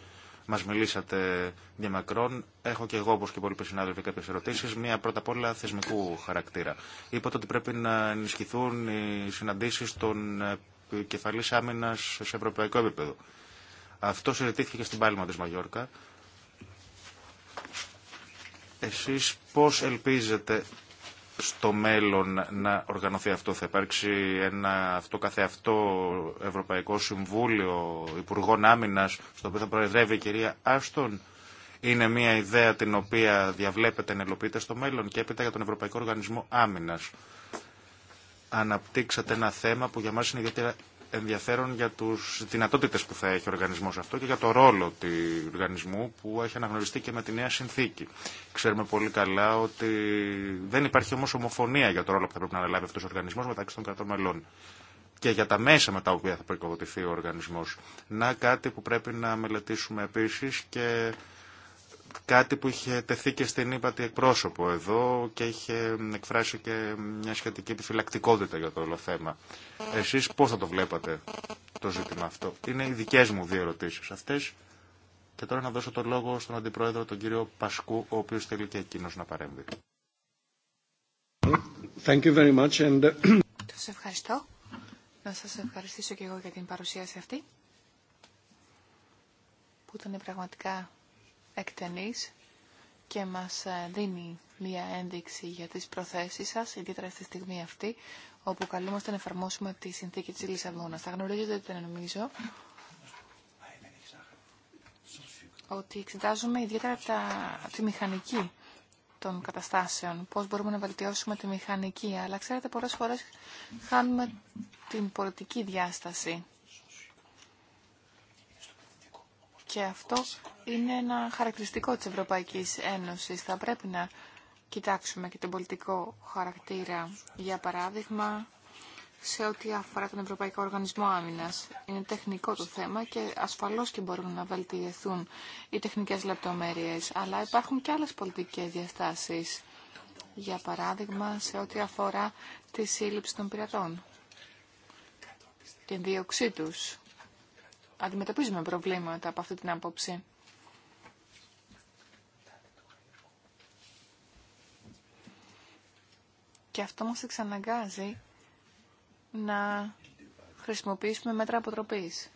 S2: Μας μιλήσατε διαμακρών. Έχω και εγώ, όπως και πολλοί συνάδελφοι, κάποιες ερωτήσεις. Μία πρώτα απ' όλα θεσμικού χαρακτήρα. Είπατε ότι πρέπει να ενισχυθούν οι συναντήσεις των κεφαλής άμυνας σε ευρωπαϊκό επίπεδο. Αυτό συζητήθηκε και στην Πάλιμα της Μαγιόρκα. Εσείς πώς ελπίζετε στο μέλλον να οργανωθεί αυτό. Θα υπάρξει ένα αυτό καθεαυτό Ευρωπαϊκό Συμβούλιο Υπουργών Άμυνα, στο οποίο θα προεδρεύει η κυρία Άστον. Είναι μια ιδέα την οποία διαβλέπετε να ελοπείτε στο μέλλον και έπειτα για τον Ευρωπαϊκό Οργανισμό Άμυνα. Αναπτύξατε ένα θέμα που για μας είναι ιδιαίτερα ενδιαφέρον για τους δυνατότητε που θα έχει ο οργανισμός αυτό και για το ρόλο του οργανισμού που έχει αναγνωριστεί και με τη νέα συνθήκη. Ξέρουμε πολύ καλά ότι δεν υπάρχει όμω ομοφωνία για το ρόλο που θα πρέπει να αναλάβει αυτός ο οργανισμός μεταξύ των κρατών μελών και για τα μέσα με τα οποία θα προοικοδοτηθεί ο οργανισμό. Να κάτι που πρέπει να μελετήσουμε επίση και κάτι που είχε τεθεί και στην ύπατη εκπρόσωπο εδώ και είχε εκφράσει και μια σχετική επιφυλακτικότητα για το όλο θέμα. Εσείς πώς θα το βλέπατε το ζήτημα αυτό. Είναι οι δικές μου δύο ερωτήσεις αυτές. Και τώρα να δώσω το λόγο στον Αντιπρόεδρο, τον κύριο Πασκού, ο οποίος θέλει και εκείνος να παρέμβει.
S1: Thank you very much and...
S3: Σας uh, [COUGHS] ευχαριστώ. Να σας ευχαριστήσω και εγώ για την παρουσίαση αυτή, που ήταν πραγματικά εκτενής και μας ε, δίνει μία ένδειξη για τις προθέσεις σας, ιδιαίτερα στη στιγμή αυτή, όπου καλούμαστε να εφαρμόσουμε τη συνθήκη της Λισαβόνας. Θα γνωρίζετε ότι νομίζω ότι εξετάζουμε ιδιαίτερα τα, τη μηχανική των καταστάσεων, πώς μπορούμε να βελτιώσουμε τη μηχανική, αλλά ξέρετε πολλές φορές χάνουμε την πολιτική διάσταση Και αυτό είναι ένα χαρακτηριστικό της Ευρωπαϊκής Ένωσης. Θα πρέπει να κοιτάξουμε και τον πολιτικό χαρακτήρα. Για παράδειγμα, σε ό,τι αφορά τον Ευρωπαϊκό Οργανισμό Άμυνας. Είναι τεχνικό το θέμα και ασφαλώς και μπορούν να βελτιωθούν οι τεχνικές λεπτομέρειες. Αλλά υπάρχουν και άλλες πολιτικές διαστάσεις. Για παράδειγμα, σε ό,τι αφορά τη σύλληψη των πειρατών. Την δίωξή τους αντιμετωπίζουμε προβλήματα από αυτή την άποψη. Και αυτό μας εξαναγκάζει να χρησιμοποιήσουμε μέτρα αποτροπής.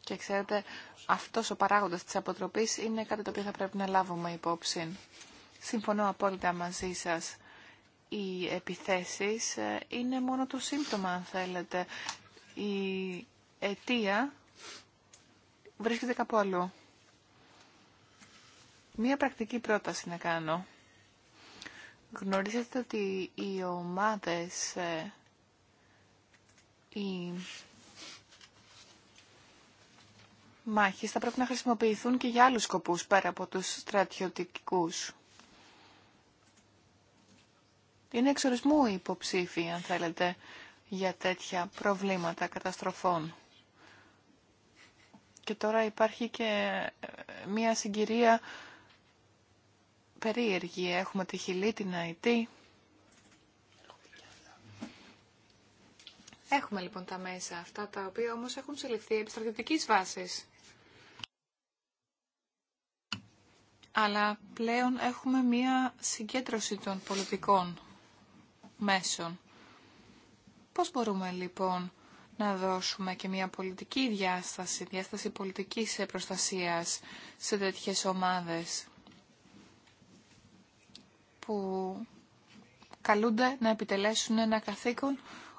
S3: Και ξέρετε, αυτός ο παράγοντας της αποτροπής είναι κάτι το οποίο θα πρέπει να λάβουμε υπόψη. Συμφωνώ απόλυτα μαζί σας. Οι επιθέσεις ε, είναι μόνο το σύμπτωμα, αν θέλετε. Η αιτία βρίσκεται κάπου αλλού. Μία πρακτική πρόταση να κάνω. Γνωρίζετε ότι οι ομάδες, ε, οι μάχες θα πρέπει να χρησιμοποιηθούν και για άλλους σκοπούς πέρα από τους στρατιωτικούς. Είναι εξορισμού υποψήφοι, αν θέλετε, για τέτοια προβλήματα καταστροφών και τώρα υπάρχει και ε, μία συγκυρία περίεργη. Έχουμε τη Χιλή, την Αϊτή. Έχουμε λοιπόν τα μέσα αυτά, τα οποία όμως έχουν συλληφθεί στρατιωτικής βάσης. Αλλά πλέον έχουμε μία συγκέντρωση των πολιτικών μέσων. Πώς μπορούμε λοιπόν να δώσουμε και μια πολιτική διάσταση, διάσταση πολιτικής προστασίας σε τέτοιες ομάδες που καλούνται να επιτελέσουν ένα καθήκον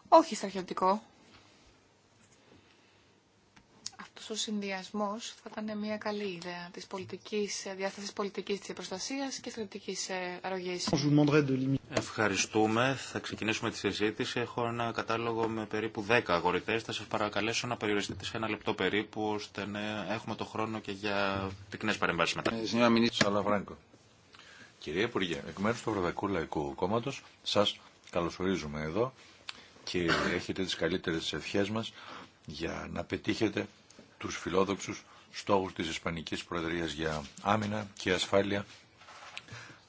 S3: όχι στρατιωτικό, ο συνδυασμό θα ήταν μια καλή ιδέα τη πολιτικής, πολιτική ε, πολιτικής της προστασίας και στρατιωτική ε, αρρωγή.
S2: Ευχαριστούμε. Θα ξεκινήσουμε τη συζήτηση. Έχω ένα κατάλογο με περίπου 10 αγορητέ. Θα σα παρακαλέσω να περιοριστείτε σε ένα λεπτό περίπου, ώστε να έχουμε το χρόνο και για πυκνέ παρεμβάσει
S1: μετά. Ε, Κυρία Υπουργέ, εκ μέρου του Ευρωπαϊκού Λαϊκού κόμματο, σα καλωσορίζουμε εδώ και έχετε τι καλύτερε ευχέ μα για να πετύχετε τους φιλόδοξους στόχους της Ισπανικής Προεδρίας για άμυνα και ασφάλεια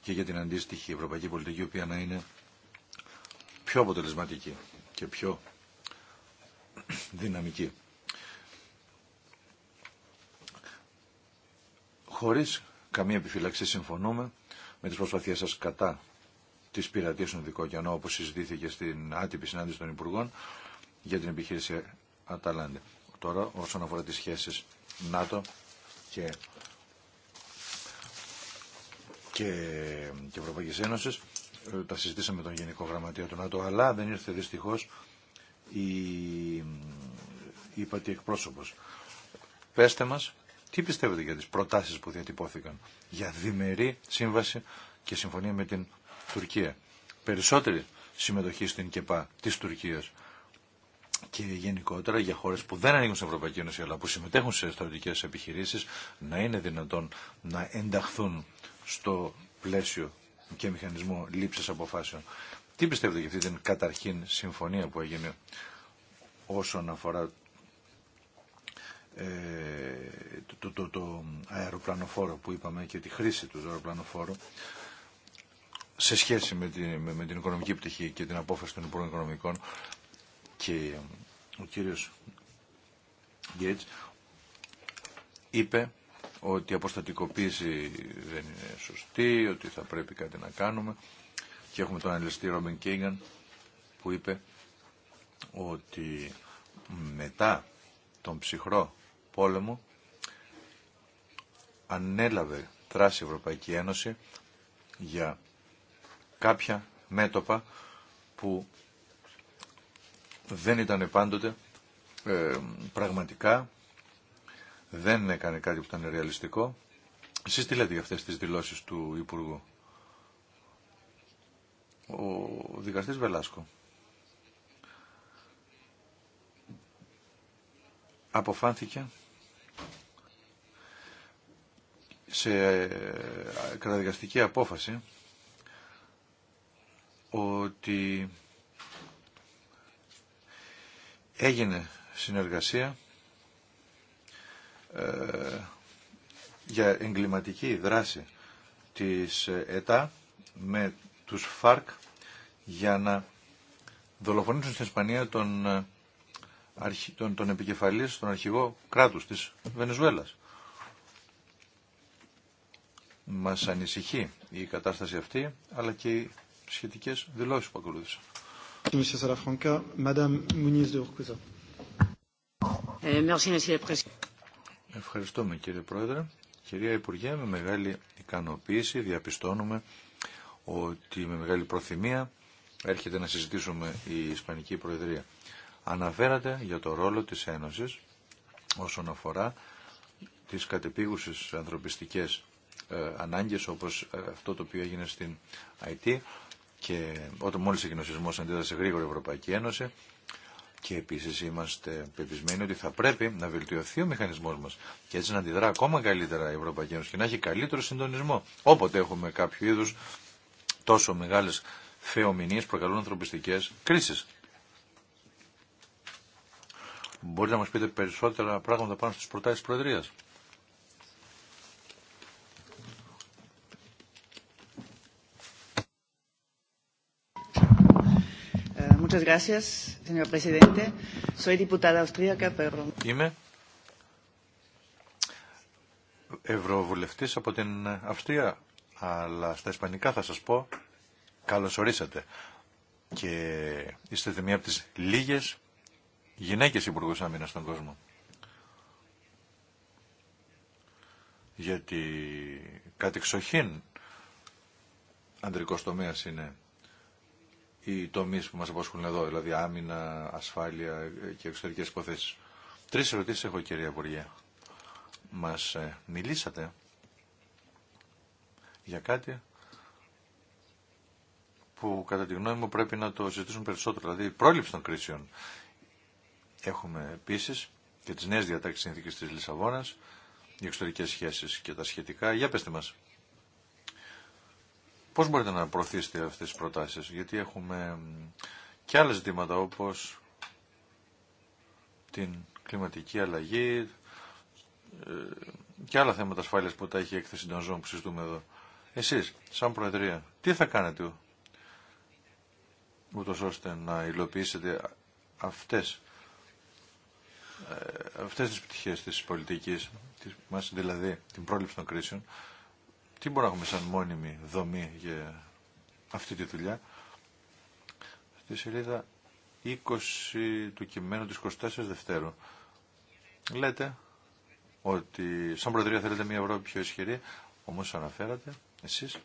S1: και για την αντίστοιχη ευρωπαϊκή πολιτική, η οποία να είναι πιο αποτελεσματική και πιο δυναμική. Χωρίς καμία επιφυλαξή συμφωνούμε με τις προσπαθίες σας κατά της πειρατείας στον Δικό όπως συζητήθηκε στην άτυπη συνάντηση των Υπουργών για την επιχείρηση Αταλάντε τώρα όσον αφορά τις σχέσεις ΝΑΤΟ και, και, και Ευρωπαϊκής Ένωσης. Ε, τα συζητήσαμε με τον Γενικό Γραμματείο του ΝΑΤΟ, αλλά δεν ήρθε δυστυχώς η, η πατή εκπρόσωπος. Πέστε μας, τι πιστεύετε για τις προτάσεις που διατυπώθηκαν για διμερή σύμβαση και συμφωνία με την Τουρκία. Περισσότερη συμμετοχή στην ΚΕΠΑ της Τουρκίας και γενικότερα για χώρε που δεν ανήκουν στην Ευρωπαϊκή Ένωση αλλά που συμμετέχουν σε στρατιωτικέ επιχειρήσει να είναι δυνατόν να ενταχθούν στο πλαίσιο και μηχανισμό λήψη αποφάσεων. Τι πιστεύετε για αυτή την καταρχήν συμφωνία που έγινε όσον αφορά ε, το, το, το, αεροπλανοφόρο που είπαμε και τη χρήση του αεροπλανοφόρου σε σχέση με την, με, με την οικονομική πτυχή και την απόφαση των Υπουργών Οικονομικών και ο κύριος Γκέιτς είπε ότι η αποστατικοποίηση δεν είναι σωστή, ότι θα πρέπει κάτι να κάνουμε και έχουμε τον αναλυστή Ρόμπιν που είπε ότι μετά τον ψυχρό πόλεμο ανέλαβε τράση η Ευρωπαϊκή Ένωση για κάποια μέτωπα που δεν ήταν πάντοτε ε, πραγματικά, δεν έκανε κάτι που ήταν ρεαλιστικό. Εσείς τι λέτε για αυτές τις δηλώσεις του Υπουργού. Ο δικαστής Βελάσκο αποφάνθηκε σε ε, καταδικαστική απόφαση ότι Έγινε συνεργασία ε, για εγκληματική δράση της ΕΤΑ με τους ΦΑΡΚ για να δολοφονήσουν στην Ισπανία τον, ε, τον, τον επικεφαλής, τον αρχηγό κράτους της Βενεζουέλας. Μας ανησυχεί η κατάσταση αυτή, αλλά και οι σχετικές δηλώσεις που ακολούθησαν. Merci, ε, Ευχαριστούμε κύριε Πρόεδρε. Κυρία Υπουργέ, με μεγάλη ικανοποίηση διαπιστώνουμε ότι με μεγάλη προθυμία έρχεται να συζητήσουμε η Ισπανική Προεδρία. Αναφέρατε για το ρόλο της Ένωσης όσον αφορά τις κατεπίγουσες ανθρωπιστικές ε, ανάγκες όπως ε, αυτό το οποίο έγινε στην IT και όταν μόλι έγινε ο σεισμό γρήγορα η Ευρωπαϊκή Ένωση. Και επίση είμαστε πεπισμένοι ότι θα πρέπει να βελτιωθεί ο μηχανισμό μα και έτσι να αντιδρά ακόμα καλύτερα η Ευρωπαϊκή Ένωση και να έχει καλύτερο συντονισμό. Όποτε έχουμε κάποιο είδου τόσο μεγάλε θεομηνίε προκαλούν ανθρωπιστικέ κρίσει. Μπορείτε να μα πείτε περισσότερα πράγματα πάνω στι προτάσει τη Προεδρία. Είμαι ευρωβουλευτής από την Αυστρία, αλλά στα ισπανικά θα σας πω καλώς ορίσατε. Και είστε μία από τις λίγες γυναίκες υπουργούς άμυνας στον κόσμο. Γιατί ξοχήν αντρικός τομέας είναι οι τομεί που μας απασχολούν εδώ, δηλαδή άμυνα, ασφάλεια και εξωτερικέ υποθέσει. Τρει ερωτήσει έχω κυρία Υπουργέ. Μας ε, μιλήσατε για κάτι που κατά τη γνώμη μου πρέπει να το συζητήσουμε περισσότερο, δηλαδή η πρόληψη των κρίσεων. Έχουμε επίση και τις νέες διατάξει συνθήκη τη Λισαβόνα, οι εξωτερικέ σχέσει και τα σχετικά. Για πετε μα. Πώς μπορείτε να προωθήσετε αυτές τις προτάσεις, γιατί έχουμε και άλλα ζητήματα όπως την κλιματική αλλαγή ε, και άλλα θέματα ασφάλειας που τα έχει έκθεση των ζώων που συζητούμε εδώ. Εσείς, σαν Προεδρία, τι θα κάνετε ούτως ώστε να υλοποιήσετε αυτές, ε, αυτές τις πτυχές της πολιτικής, της, δηλαδή την πρόληψη των κρίσεων, τι μπορούμε να έχουμε σαν μόνιμη δομή για αυτή τη δουλειά. Στη σελίδα 20 του κειμένου της 24 Δευτέρου. Λέτε ότι σαν Προεδρία θέλετε μια Ευρώπη πιο ισχυρή, όμως αναφέρατε εσείς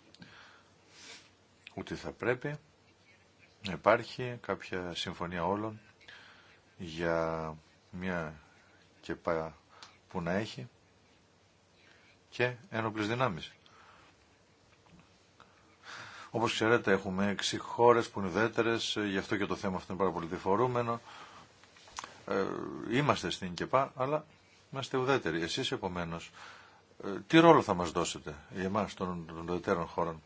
S1: ότι θα πρέπει να υπάρχει κάποια συμφωνία όλων για μια κεπά που να έχει και ένοπλες δυνάμεις. Όπω ξέρετε έχουμε έξι χώρε που είναι ουδέτερες, γι' αυτό και το θέμα αυτό είναι πάρα πολύ διφορούμενο. Ε, είμαστε στην ΚΕΠΑ, αλλά είμαστε ουδέτεροι. Εσείς επομένως, ε, τι ρόλο θα μας δώσετε για εμά των, ουδετέρων χώρων.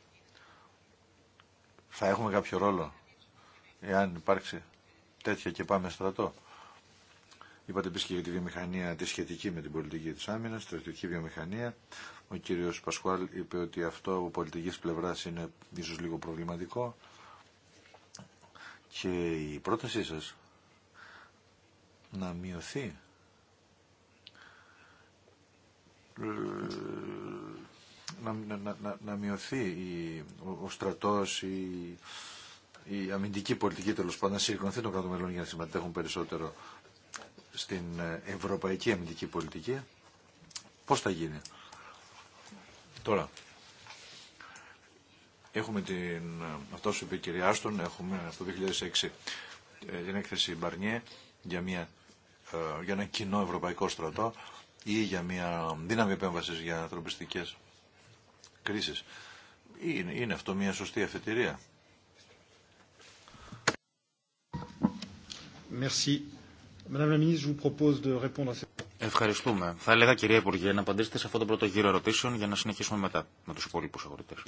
S1: Θα έχουμε κάποιο ρόλο, εάν υπάρξει τέτοια ΚΕΠΑ με στρατό. Είπατε επίση και για τη βιομηχανία, τη σχετική με την πολιτική τη άμυνα, στρατιωτική βιομηχανία. Ο κύριο Πασχουάλ είπε ότι αυτό από πολιτική πλευρά είναι ίσω λίγο προβληματικό. Και η πρότασή σα να μειωθεί ε, να, μειωθεί ο, ο στρατός, η, η αμυντική πολιτική τέλο πάντων, να το των μελών για να συμμετέχουν περισσότερο στην ε, ευρωπαϊκή αμυντική πολιτική. Πώς θα γίνει. Τώρα, έχουμε την, ε, αυτό είπε η κυρία Άστον, έχουμε το 2006 ε, την έκθεση Μπαρνιέ για, μια, για ένα κοινό ευρωπαϊκό στρατό ή για μια δύναμη επέμβασης για ανθρωπιστικές κρίσεις. Είναι, είναι αυτό μια σωστή αφετηρία.
S2: Merci. Ευχαριστούμε. Θα έλεγα κυρία Υπουργέ να απαντήσετε σε αυτό το πρώτο γύρο ερωτήσεων για να συνεχίσουμε μετά με τους υπόλοιπους αγορητές.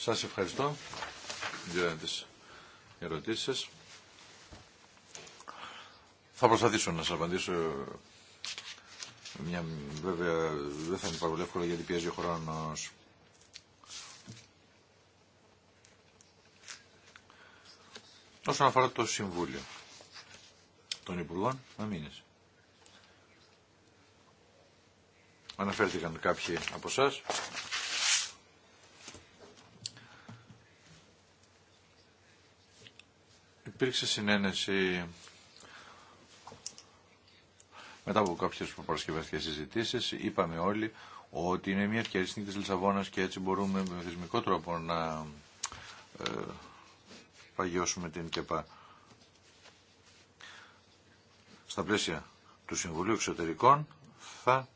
S1: Σας ευχαριστώ για τις ερωτήσεις σας. Θα προσπαθήσω να σας απαντήσω μια, βέβαια δεν θα είναι πάρα πολύ εύκολο γιατί πιέζει ο χρόνο. Όσον αφορά το Συμβούλιο των Υπουργών Αμήνες. Αναφέρθηκαν κάποιοι από εσά. Υπήρξε συνένεση μετά από κάποιε και συζητήσει, είπαμε όλοι ότι είναι μια ευκαιρία τη Λισαβόνα και έτσι μπορούμε με θεσμικό τρόπο να ε, παγιώσουμε την ΚΕΠΑ. Στα πλαίσια του Συμβουλίου Εξωτερικών θα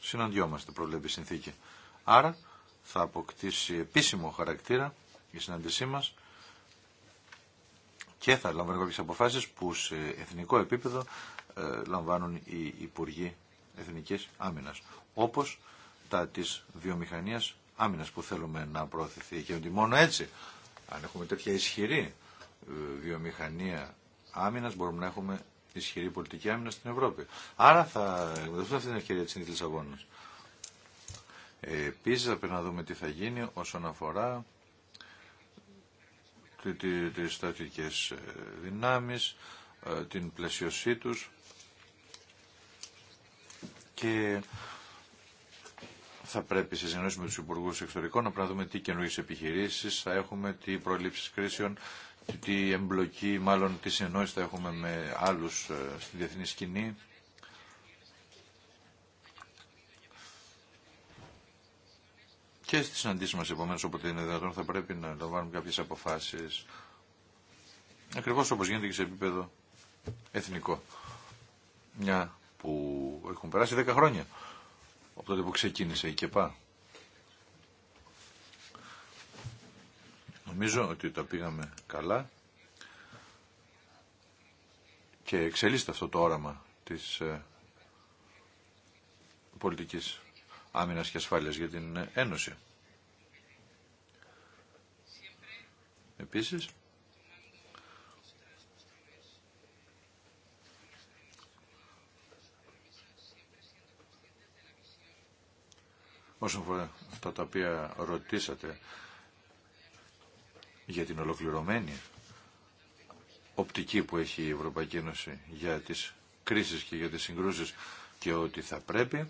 S1: συναντιόμαστε, προβλέπει η συνθήκη. Άρα θα αποκτήσει επίσημο χαρακτήρα η συνάντησή μας και θα λαμβάνουμε κάποιες αποφάσεις που σε εθνικό επίπεδο ε, λαμβάνουν οι Υπουργοί Εθνικής Άμυνας, όπως τα της βιομηχανίας άμυνας που θέλουμε να προωθηθεί. Και ότι μόνο έτσι, αν έχουμε τέτοια ισχυρή ε, βιομηχανία άμυνας, μπορούμε να έχουμε ισχυρή πολιτική άμυνα στην Ευρώπη. Άρα θα εκμεταλλευτούμε αυτή την ευκαιρία της συνήθιλης αγώνας. Επίση, θα πρέπει να δούμε τι θα γίνει όσον αφορά τις στρατιωτικές ε, δυνάμεις, την πλαισιωσή του και θα πρέπει σε συνεννόηση με του Υπουργού Εξωτερικών να πρέπει να δούμε τι καινούργιε επιχειρήσει θα έχουμε, τι προλήψει κρίσεων, τι εμπλοκή, μάλλον τι συνεννόηση θα έχουμε με άλλου ε, στη διεθνή σκηνή. Και στι συναντήσει μα, επομένω, όποτε είναι δυνατόν, θα πρέπει να λαμβάνουμε κάποιε αποφάσει. Ακριβώ όπω γίνεται και σε επίπεδο εθνικό. Μια που έχουν περάσει 10 χρόνια από τότε που ξεκίνησε η ΚΕΠΑ. Νομίζω ότι τα πήγαμε καλά και εξελίσσεται αυτό το όραμα της ε, πολιτικής άμυνας και ασφάλειας για την Ένωση. Επίσης, Όσον αφορά αυτά τα οποία ρωτήσατε για την ολοκληρωμένη οπτική που έχει η Ευρωπαϊκή Ένωση για τις κρίσεις και για τις συγκρούσεις και ότι θα πρέπει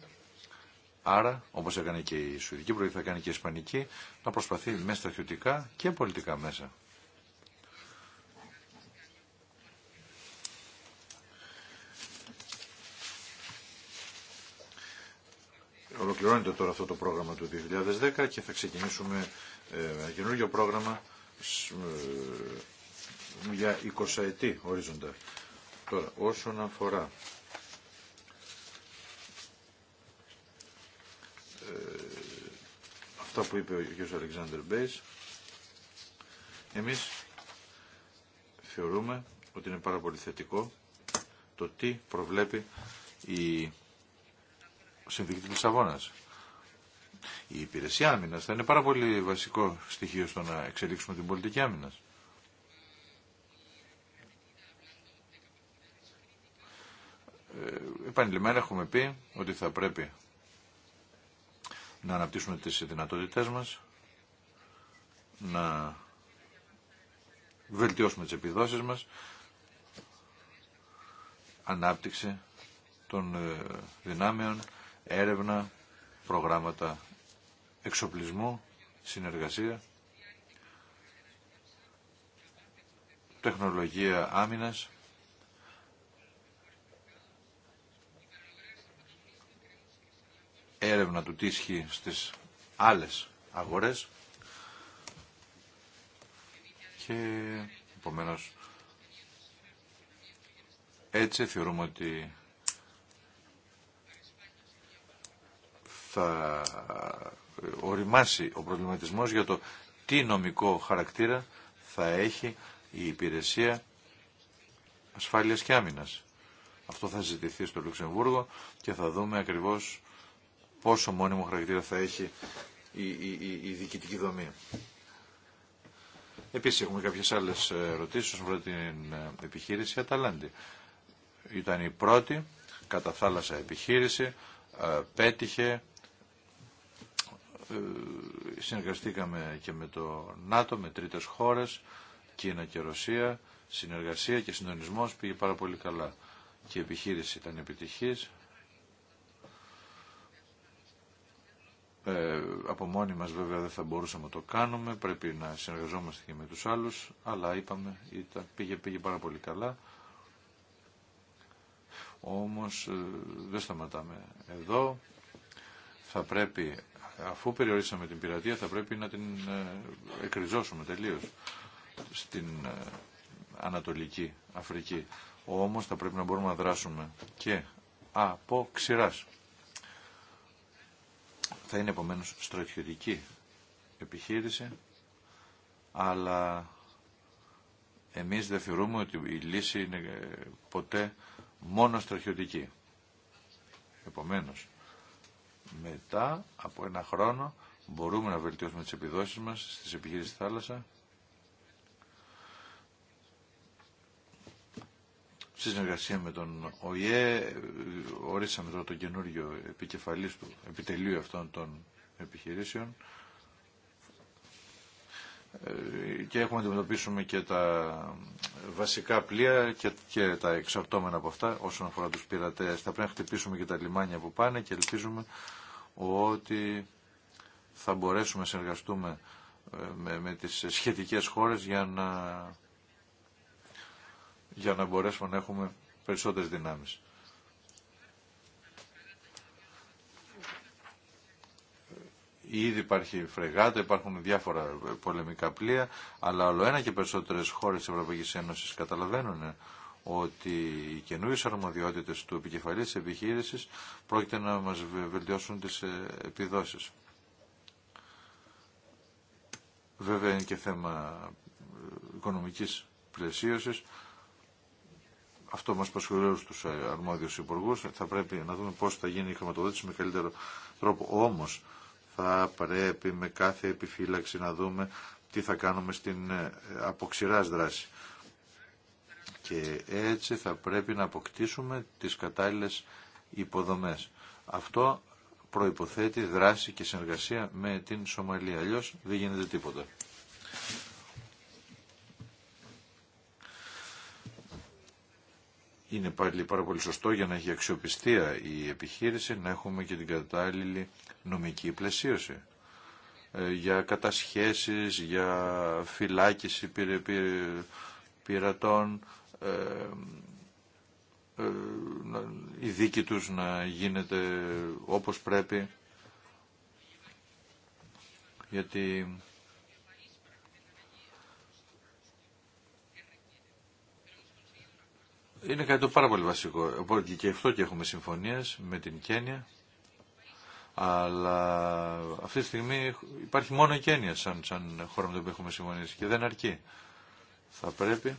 S1: Άρα, όπως έκανε και η Σουηδική, Προεδρία, θα κάνει και η Ισπανική, να προσπαθεί με στρατιωτικά και πολιτικά μέσα ολοκληρώνεται τώρα αυτό το πρόγραμμα του 2010 και θα ξεκινήσουμε ε, ένα καινούργιο πρόγραμμα ε, για 20 ετή ορίζοντα. Τώρα, όσον αφορά ε, αυτά που είπε ο κ. Αλεξάνδρ Μπέις, εμείς θεωρούμε ότι είναι πάρα πολύ θετικό το τι προβλέπει η συνθήκη της Λισαβόνας. Η υπηρεσία άμυνας θα είναι πάρα πολύ βασικό στοιχείο στο να εξελίξουμε την πολιτική άμυνας. Ε, επανειλημμένα έχουμε πει ότι θα πρέπει να αναπτύσσουμε τις δυνατότητές μας, να βελτιώσουμε τις επιδόσεις μας, ανάπτυξη των ε, δυνάμεων, έρευνα, προγράμματα εξοπλισμού, συνεργασία, τεχνολογία άμυνας, έρευνα του τι ισχύει στις άλλες αγορές και επομένως έτσι θεωρούμε ότι θα οριμάσει ο προβληματισμός για το τι νομικό χαρακτήρα θα έχει η υπηρεσία ασφάλειας και άμυνας. Αυτό θα ζητηθεί στο Λουξεμβούργο και θα δούμε ακριβώς πόσο μόνιμο χαρακτήρα θα έχει η, η, η, διοικητική δομή. Επίσης έχουμε κάποιες άλλες ερωτήσεις όσον αφορά την ε, επιχείρηση Αταλάντη. Ήταν η πρώτη κατά θάλασσα επιχείρηση, ε, πέτυχε ε, συνεργαστήκαμε και με το ΝΑΤΟ, με τρίτες χώρες, Κίνα και Ρωσία, συνεργασία και συντονισμός πήγε πάρα πολύ καλά. Και η επιχείρηση ήταν επιτυχής. Ε, από μόνοι μας βέβαια δεν θα μπορούσαμε να το κάνουμε, πρέπει να συνεργαζόμαστε και με τους άλλους, αλλά είπαμε, ήταν, πήγε, πήγε πάρα πολύ καλά. Όμως ε, δεν σταματάμε εδώ, θα πρέπει αφού περιορίσαμε την πειρατεία θα πρέπει να την ε, εκριζώσουμε τελείως στην ε, Ανατολική Αφρική. Όμως θα πρέπει να μπορούμε να δράσουμε και από ξηράς. Θα είναι επομένως στρατιωτική επιχείρηση, αλλά εμείς δεν θεωρούμε ότι η λύση είναι ε, ποτέ μόνο στρατιωτική. Επομένως, μετά από ένα χρόνο μπορούμε να βελτιώσουμε τις επιδόσεις μας στις επιχείρησεις θάλασσα στη συνεργασία με τον ΟΙΕ ορίσαμε τώρα το καινούριο επικεφαλής του επιτελείου αυτών των επιχειρήσεων και έχουμε να αντιμετωπίσουμε και τα βασικά πλοία και, και τα εξαρτώμενα από αυτά όσον αφορά τους πειρατές. Θα πρέπει να χτυπήσουμε και τα λιμάνια που πάνε και ελπίζουμε ότι θα μπορέσουμε να συνεργαστούμε ε, με, με τις σχετικές χώρες για να, για να μπορέσουμε να έχουμε περισσότερες δυνάμεις. Ήδη υπάρχει φρεγάτα, υπάρχουν διάφορα πολεμικά πλοία, αλλά όλο ένα και περισσότερε χώρε τη Ευρωπαϊκή Ένωση καταλαβαίνουν ότι οι καινούριε αρμοδιότητες του επικεφαλής τη επιχείρησης πρόκειται να μα βελτιώσουν τι ε, επιδόσει. Βέβαια είναι και θέμα ε, οικονομικής πλαισίωσης. Αυτό μας προσχωρεί στους ε, αρμόδιους υπουργούς. Θα πρέπει να δούμε πώς θα γίνει η χρηματοδότηση με καλύτερο τρόπο. Όμως, θα πρέπει με κάθε επιφύλαξη να δούμε τι θα κάνουμε στην ε, αποξηράς δράση. Και έτσι θα πρέπει να αποκτήσουμε τις κατάλληλες υποδομές. Αυτό προϋποθέτει δράση και συνεργασία με την Σομαλία. Αλλιώς δεν γίνεται τίποτα. Είναι πάλι πάρα πολύ σωστό για να έχει αξιοπιστία η επιχείρηση να έχουμε και την κατάλληλη νομική πλαισίωση ε, για κατασχέσεις, για φυλάκιση πειρατών, ε, ε, η δίκη τους να γίνεται όπως πρέπει, γιατί είναι κάτι το πάρα πολύ βασικό. Οπότε και αυτό και έχουμε συμφωνίες με την Κένια. Αλλά αυτή τη στιγμή υπάρχει μόνο η Κένια σαν, σαν χώρα με την οποία έχουμε συμφωνήσει και δεν αρκεί. Θα πρέπει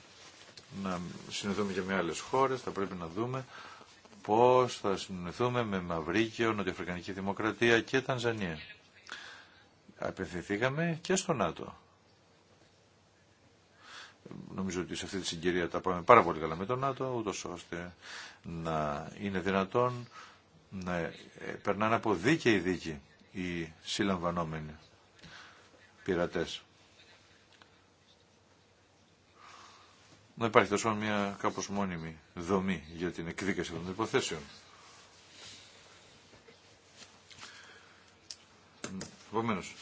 S1: να συνεχθούμε και με άλλες χώρες, θα πρέπει να δούμε πώς θα συνεννοηθούμε με Μαυρίκιο, Νοτιοαφρικανική Δημοκρατία και Τανζανία. Απευθυνθήκαμε και στο ΝΑΤΟ νομίζω ότι σε αυτή τη συγκυρία τα πάμε πάρα πολύ καλά με τον ΝΑΤΟ, ούτως ώστε να είναι δυνατόν να ε, περνάνε από δίκαιη δίκη οι συλλαμβανόμενοι πειρατές. Να υπάρχει τόσο μια κάπως μόνιμη δομή για την εκδίκαση των υποθέσεων. Επομένως,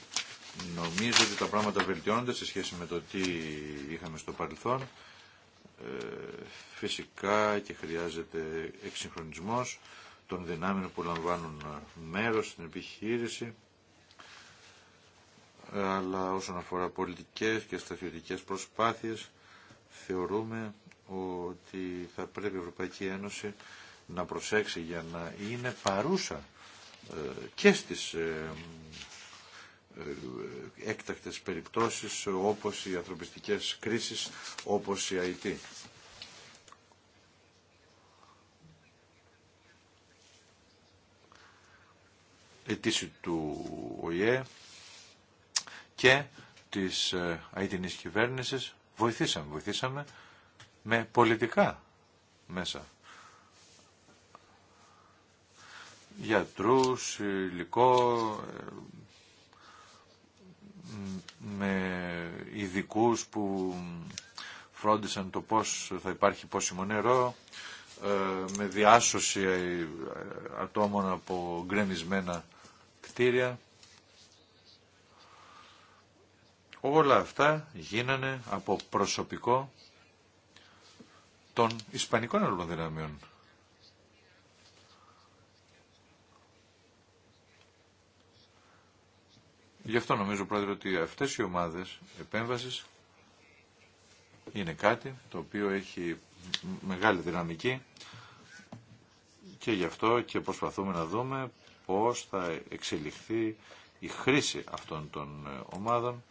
S1: Νομίζω ότι τα πράγματα βελτιώνονται σε σχέση με το τι είχαμε στο παρελθόν. Ε, φυσικά και χρειάζεται εξυγχρονισμός των δυνάμεων που λαμβάνουν μέρος στην επιχείρηση ε, αλλά όσον αφορά πολιτικές και σταθιωτικές προσπάθειες θεωρούμε ότι θα πρέπει η Ευρωπαϊκή Ένωση να προσέξει για να είναι παρούσα ε, και στις ε, έκτακτες περιπτώσεις όπως οι ανθρωπιστικές κρίσεις, όπως η ΑΕΤ. αιτήση του ΟΗΕ και της ε, αιτινής κυβέρνησης βοηθήσαμε, βοηθήσαμε με πολιτικά μέσα. Γιατρούς, υλικό, ε, με ειδικού που φρόντισαν το πώς θα υπάρχει πόσιμο νερό, ε, με διάσωση ε, ατόμων από γκρεμισμένα κτίρια. Όλα αυτά γίνανε από προσωπικό των Ισπανικών Αλλοδυναμιών. Γι' αυτό νομίζω, Πρόεδρε, ότι αυτές οι ομάδες επέμβασης είναι κάτι το οποίο έχει μεγάλη δυναμική και γι' αυτό και προσπαθούμε να δούμε πώς θα εξελιχθεί η χρήση αυτών των ε, ομάδων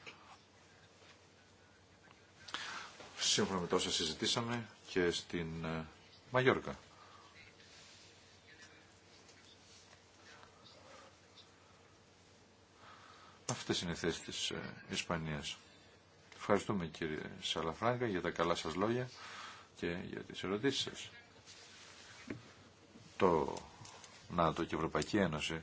S1: σύμφωνα με τόσα συζητήσαμε και στην ε, Μαγιόρκα. Αυτές είναι οι θέσεις της ε, Ισπανίας. Ευχαριστούμε κύριε Σαλαφράγκα για τα καλά σας λόγια και για τις ερωτήσεις σας. Το ΝΑΤΟ και η Ευρωπαϊκή Ένωση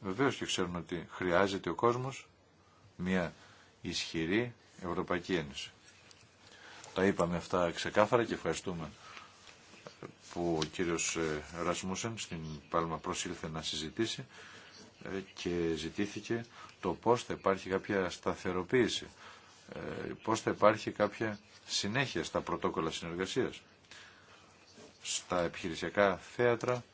S1: βεβαίως και ξέρουν ότι χρειάζεται ο κόσμος μια ισχυρή Ευρωπαϊκή Ένωση. Τα είπαμε αυτά ξεκάθαρα και ευχαριστούμε που ο κύριος ε, Ρασμούσεν στην Πάλμα προσήλθε να συζητήσει και ζητήθηκε το πώς θα υπάρχει κάποια σταθεροποίηση, ε, πώς θα υπάρχει κάποια συνέχεια στα πρωτόκολλα συνεργασίας, στα επιχειρησιακά θέατρα,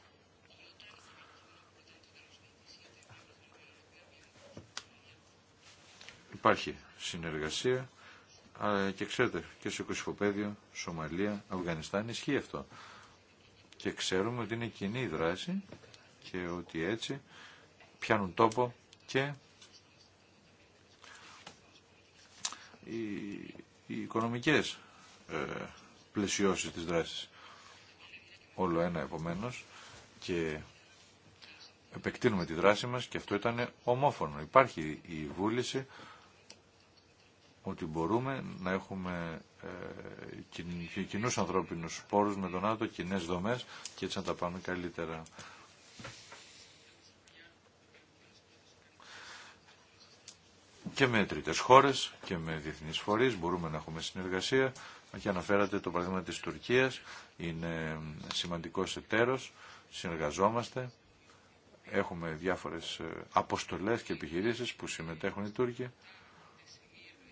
S1: Υπάρχει συνεργασία και ξέρετε και στο οικοσυχοπαίδιο, Σομαλία, Αφγανιστάν ισχύει αυτό. Και ξέρουμε ότι είναι κοινή δράση και ότι έτσι πιάνουν τόπο και οι, οι οικονομικές ε, πλαισιώσεις της δράσης. Όλο ένα επομένως και επεκτείνουμε τη δράση μας και αυτό ήταν ομόφωνο. Υπάρχει η βούληση ότι μπορούμε να έχουμε ε, κοινούς ανθρώπινους πόρους με τον άτομο, κοινέ δομές και έτσι να τα πάμε καλύτερα. και με τρίτες χώρες και με διεθνείς φορείς μπορούμε να έχουμε συνεργασία και αναφέρατε το παράδειγμα της Τουρκίας είναι σημαντικός εταίρος συνεργαζόμαστε έχουμε διάφορες ε, αποστολές και επιχειρήσεις που συμμετέχουν οι Τούρκοι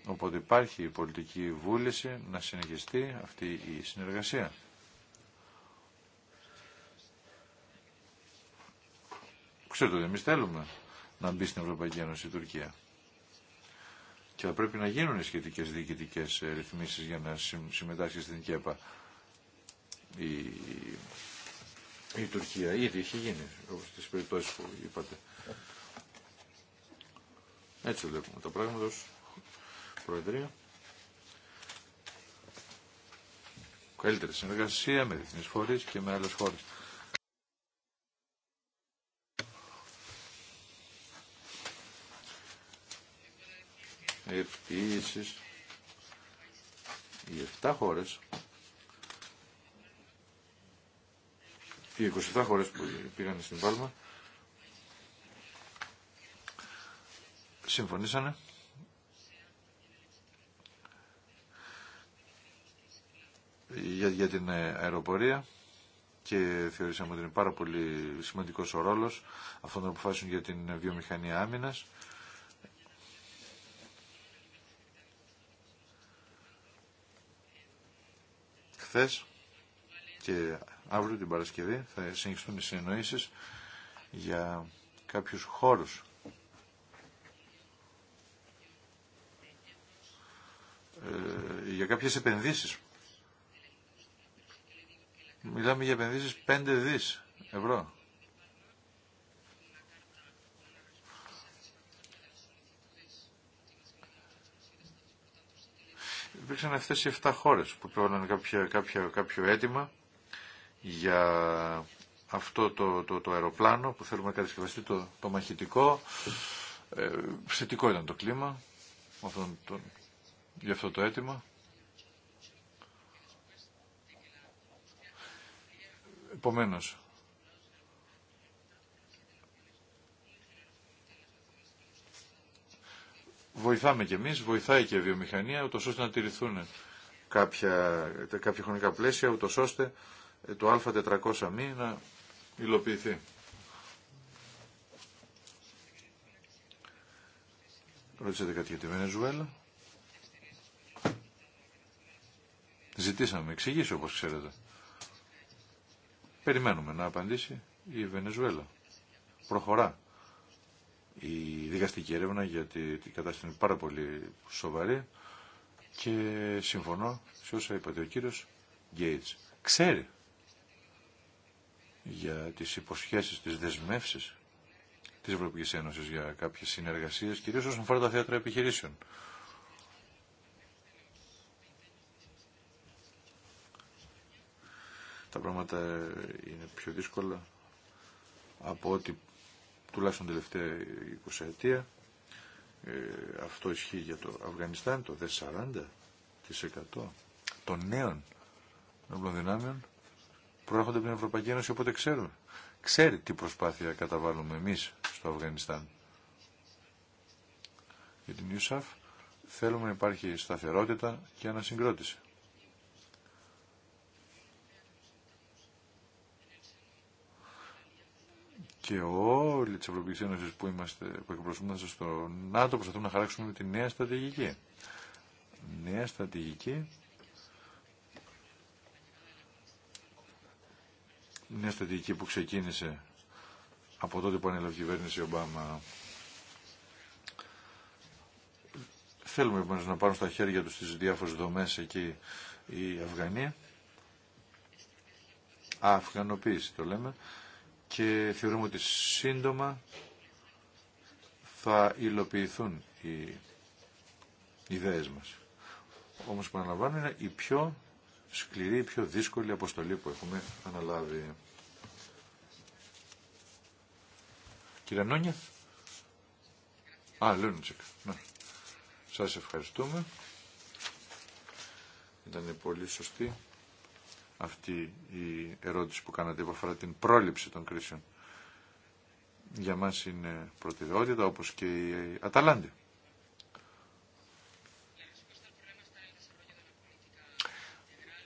S1: οπότε υπάρχει η πολιτική βούληση να συνεχιστεί αυτή η συνεργασία Ξέρετε ότι εμείς θέλουμε να μπει στην Ευρωπαϊκή Ένωση Τουρκία και θα πρέπει να γίνουν σχετικέ σχετικές ε, ρυθμίσει για να συμμετάσχει στην ΚΕΠΑ. Η, η Τουρκία ήδη έχει γίνει, όπως τις περιπτώσεις που είπατε. Έτσι βλέπουμε τα πράγματα ως Προεδρία. Καλύτερη συνεργασία με διεθνείς φορείς και με άλλες χώρες. Επίσης, οι 7 χώρες, οι 27 χώρες που πήγαν στην Πάλμα, συμφωνήσανε για, για την ε, αεροπορία και θεωρήσαμε ότι είναι πάρα πολύ σημαντικός ο ρόλος αυτών των αποφάσεων για την βιομηχανία άμυνας Χθε, και αύριο την Παρασκευή θα συνεχιστούν οι συνεννοήσεις για κάποιους χώρους ε, για κάποιες επενδύσεις. Μιλάμε για επενδύσεις 5 δις ευρώ. υπήρξαν αυτές οι 7 χώρες που προβάλλαν κάποιο, κάποιο, κάποιο αίτημα για αυτό το, το, το αεροπλάνο που θέλουμε να κατασκευαστεί το, το μαχητικό. Ε, ήταν το κλίμα για αυτό το αίτημα. Επομένως, βοηθάμε κι εμείς, βοηθάει και η βιομηχανία, ούτως ώστε να τηρηθούν κάποια, κάποια χρονικά πλαίσια, ούτως ώστε το α400 μη να υλοποιηθεί. Ρώτησατε κάτι για τη Βενεζουέλα. Ζητήσαμε εξηγήσει όπως ξέρετε. Περιμένουμε να απαντήσει η Βενεζουέλα. Προχωρά η δικαστική έρευνα γιατί η κατάσταση είναι πάρα πολύ σοβαρή και συμφωνώ σε όσα είπατε ο κύριος Γκέιτς. Ξέρει για τις υποσχέσεις, τις δεσμεύσεις της Ευρωπαϊκής Ένωσης για κάποιες συνεργασίες, κυρίως όσον αφορά τα θέατρα επιχειρήσεων. Τα πράγματα είναι πιο δύσκολα από ό,τι τουλάχιστον τελευταία 20 ετία. Ε, αυτό ισχύει για το Αφγανιστάν, το δε 40% των νέων ενόπλων δυνάμεων προέρχονται από την Ευρωπαϊκή Ένωση, οπότε ξέρουν. Ξέρει τι προσπάθεια καταβάλουμε εμείς στο Αφγανιστάν. Για την Ιουσαφ θέλουμε να υπάρχει σταθερότητα και ανασυγκρότηση. και όλοι τι Ευρωπαϊκή Ένωση που, είμαστε, που εκπροσωπούμαστε στο ΝΑΤΟ προσπαθούμε να χαράξουμε τη νέα στρατηγική. Νέα στρατηγική. Νέα στρατηγική που ξεκίνησε από τότε που ανέλαβε η κυβέρνηση Ομπάμα. Θέλουμε επομένω να πάρουν στα χέρια του τι διάφορε δομέ εκεί η Αφγανία. Αφγανοποίηση το λέμε και θεωρούμε ότι σύντομα θα υλοποιηθούν οι ιδέες μας. Όμως παραλαμβάνω, είναι η πιο σκληρή, η πιο δύσκολη αποστολή που έχουμε αναλάβει. Κύριε Νόνια. Α, Λούντσικ. Ναι. Σας ευχαριστούμε. Ήταν πολύ σωστή αυτή η ερώτηση που κάνατε που αφορά την πρόληψη των κρίσεων. Για μας είναι προτεραιότητα όπως και η Αταλάντη.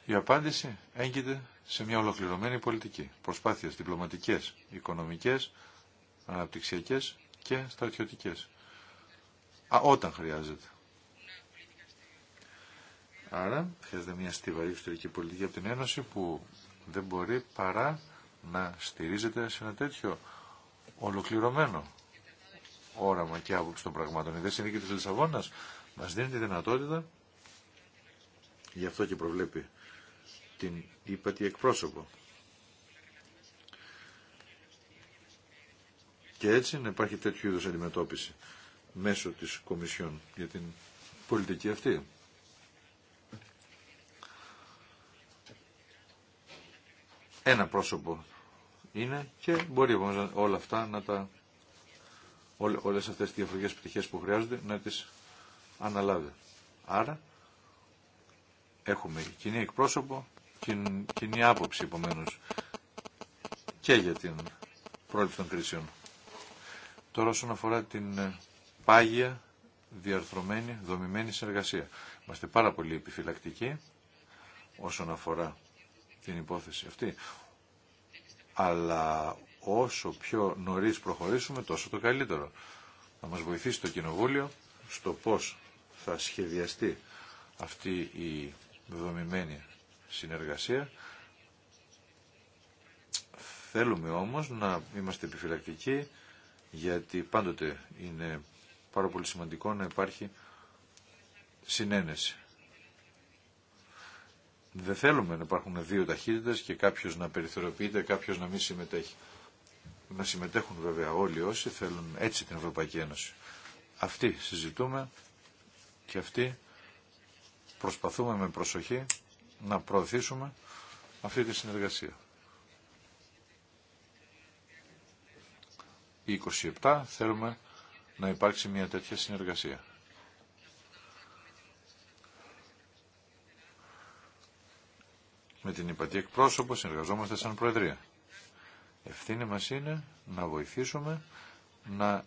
S1: Η απάντηση έγκυται σε μια ολοκληρωμένη πολιτική. Προσπάθειες διπλωματικές, οικονομικές, αναπτυξιακές και στρατιωτικές. Α, όταν χρειάζεται. Άρα χρειάζεται μια στιβαρή εξωτερική πολιτική από την Ένωση που δεν μπορεί παρά να στηρίζεται σε ένα τέτοιο ολοκληρωμένο όραμα και άποψη των πραγμάτων. Η δε συνήκη της Λισαβόνας μας δίνει τη δυνατότητα, γι' αυτό και προβλέπει την ύπατη εκπρόσωπο. Και έτσι να υπάρχει τέτοιου είδους αντιμετώπιση μέσω της Κομισιόν για την πολιτική αυτή. ένα πρόσωπο είναι και μπορεί όμως όλα αυτά να τα όλες αυτές τις διαφορετικές πτυχές που χρειάζονται να τις αναλάβει. Άρα έχουμε κοινή εκπρόσωπο, κοινή άποψη επομένω και για την πρόληψη των κρίσεων. Τώρα όσον αφορά την ε, πάγια, διαρθρωμένη, δομημένη συνεργασία. Είμαστε πάρα πολύ επιφυλακτικοί όσον αφορά την υπόθεση αυτή. Αλλά όσο πιο νωρίς προχωρήσουμε τόσο το καλύτερο. Να μας βοηθήσει το Κοινοβούλιο στο πώς θα σχεδιαστεί αυτή η δομημένη συνεργασία. Θέλουμε όμως να είμαστε επιφυλακτικοί γιατί πάντοτε είναι πάρα πολύ σημαντικό να υπάρχει συνένεση. Δεν θέλουμε να υπάρχουν δύο ταχύτητες και κάποιο να περιθωριοποιείται, κάποιο να μην συμμετέχει. Να συμμετέχουν βέβαια όλοι όσοι θέλουν έτσι την Ευρωπαϊκή Ένωση. Αυτή συζητούμε και αυτή προσπαθούμε με προσοχή να προωθήσουμε αυτή τη συνεργασία. Οι 27 θέλουμε να υπάρξει μια τέτοια συνεργασία. με την υπατή εκπρόσωπο συνεργαζόμαστε σαν Προεδρία. Ευθύνη μας είναι να βοηθήσουμε να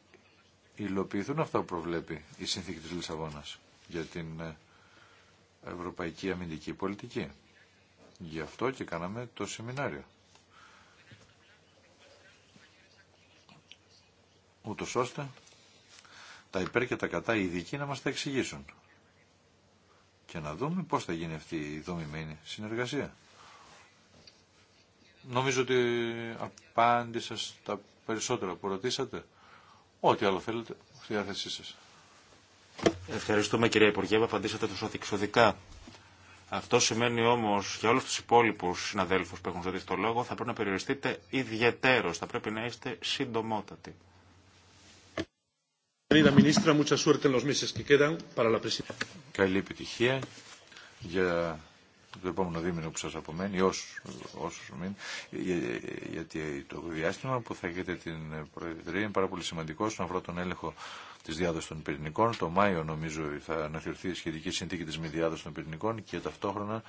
S1: υλοποιηθούν αυτά που προβλέπει η Συνθήκη της Λισαβόνας για την ε, Ευρωπαϊκή Αμυντική Πολιτική. Γι' αυτό και κάναμε το σεμινάριο. Ούτως ώστε τα υπέρ και τα κατά ειδικοί να μας τα εξηγήσουν και να δούμε πώς θα γίνει αυτή η δομημένη συνεργασία. Νομίζω ότι απάντησα στα περισσότερα που ρωτήσατε.
S2: Ό,τι άλλο θέλετε, στη διάθεσή σα. Ευχαριστούμε κυρία Υπουργέ, απαντήσατε τόσο διεξοδικά. Αυτό σημαίνει όμω για όλου του υπόλοιπου συναδέλφου που έχουν ζητήσει το λόγο θα πρέπει να περιοριστείτε ιδιαίτερω. Θα πρέπει να είστε συντομότατοι. Καλή επιτυχία
S1: για το επόμενο δίμηνο που σας απομένει, όσους, μην, γιατί το διάστημα που θα έχετε την Προεδρία είναι πάρα πολύ σημαντικό στον αφορά τον έλεγχο τη διάδοση των πυρηνικών. Το Μάιο νομίζω θα αναφερθεί η σχετική συνθήκη τη μη διάδοση των πυρηνικών και ταυτόχρονα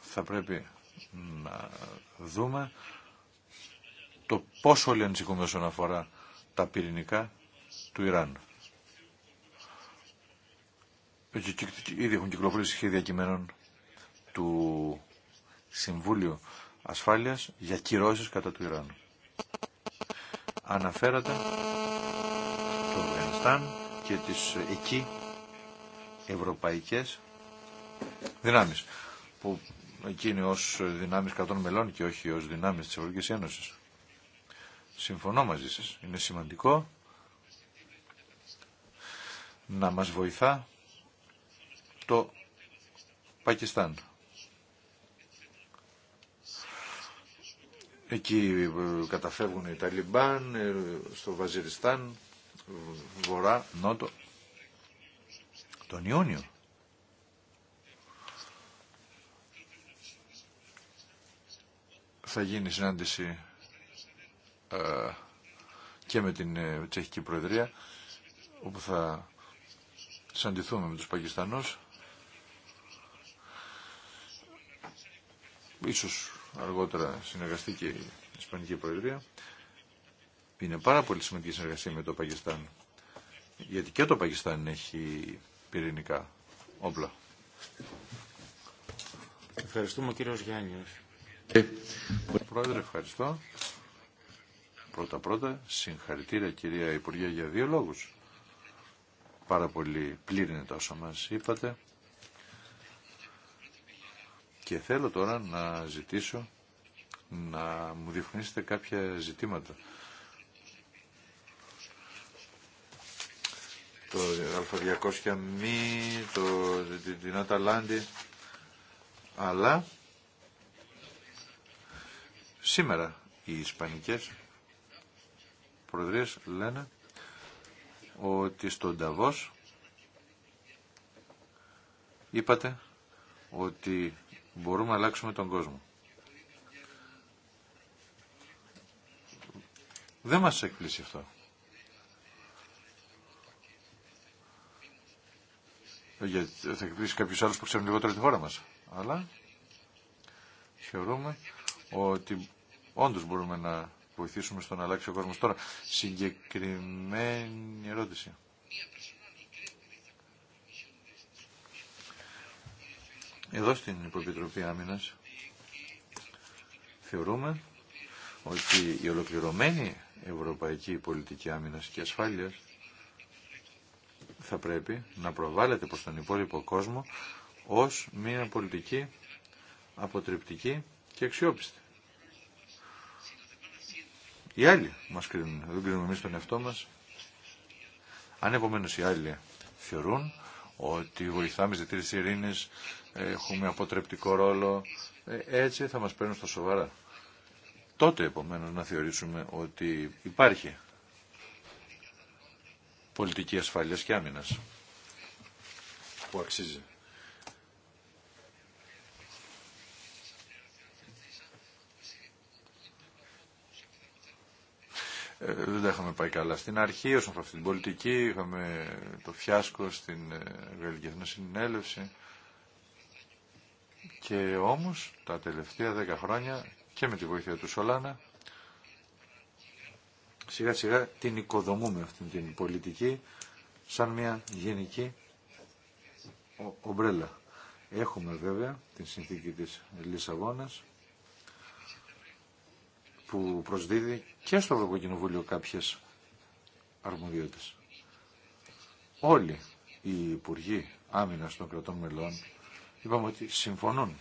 S1: θα πρέπει να δούμε το πόσο όλοι ανησυχούμε όσον αφορά τα πυρηνικά του Ιράν. Ήδη έχουν κυκλοφορήσει σχέδια κειμένων του Συμβούλιο Ασφάλειας για κυρώσεις κατά του Ιράν. Αναφέρατε το Αφγανιστάν και τις ε, εκεί ευρωπαϊκές δυνάμεις που είναι ως δυνάμεις κατών μελών και όχι ως δυνάμεις της Ευρωπαϊκής Ένωσης. Συμφωνώ μαζί σας. Είναι σημαντικό να μας βοηθά το Πακιστάν. Εκεί ε, καταφεύγουν οι Ταλιμπάν, ε, στο Βαζιριστάν, βορρά, νότο, τον Ιούνιο. Θα γίνει συνάντηση ε, και με την Τσεχική Προεδρία, όπου θα συναντηθούμε με τους Πακιστανούς ίσως αργότερα συνεργαστεί και η Ισπανική Προεδρία. Είναι πάρα πολύ σημαντική συνεργασία με το Πακιστάν. Γιατί και το Παγιστάν έχει πυρηνικά όπλα. Ευχαριστούμε
S2: κύριος Γιάννης. Ε,
S1: Πρόεδρε, ευχαριστώ. Πρώτα-πρώτα, συγχαρητήρια κυρία Υπουργέ για δύο λόγους. Πάρα πολύ πλήρη είναι τα όσα μας είπατε και θέλω τώρα να ζητήσω να μου διευκρινίσετε κάποια ζητήματα. Το α200 μη, το, την Αταλάντη, αλλά σήμερα οι Ισπανικές Προεδρίες λένε ότι στον Ταβός είπατε ότι μπορούμε να αλλάξουμε τον κόσμο. Δεν μας εκπλήσει αυτό. Γιατί θα εκπλήσει κάποιους άλλους που ξέρουν λιγότερο τη χώρα μας. Αλλά θεωρούμε ότι όντως μπορούμε να βοηθήσουμε στο να αλλάξει ο κόσμος. Τώρα, συγκεκριμένη ερώτηση. Εδώ στην Υποπιτροπή Άμυνας θεωρούμε ότι η ολοκληρωμένη ευρωπαϊκή πολιτική άμυνας και ασφάλειας θα πρέπει να προβάλλεται προς τον υπόλοιπο κόσμο ως μια πολιτική αποτρεπτική και αξιόπιστη. Οι άλλοι μας κρίνουν, δεν κρίνουμε εμείς τον εαυτό μας. Αν επομένως οι άλλοι θεωρούν ότι βοηθάμε στη τήρηση ειρήνη, έχουμε αποτρεπτικό ρόλο. Ε, έτσι θα μας παίρνουν στα σοβαρά. Τότε επομένω να θεωρήσουμε ότι υπάρχει πολιτική ασφάλειας και άμυνας που αξίζει. Ε, δεν τα είχαμε πάει καλά στην αρχή, όσον αφορά την πολιτική, είχαμε το φιάσκο στην ε, Γαλλική Εθνική Συνέλευση. Και όμως τα τελευταία δέκα χρόνια και με τη βοήθεια του Σολάνα σιγά σιγά την οικοδομούμε αυτή την πολιτική σαν μια γενική ομπρέλα. Έχουμε βέβαια την συνθήκη της Λισαβόνας που προσδίδει και στο Ευρωκοινοβούλιο κάποιες αρμοδιότητες. Όλοι οι Υπουργοί Άμυνας των κρατών μελών είπαμε ότι συμφωνούν.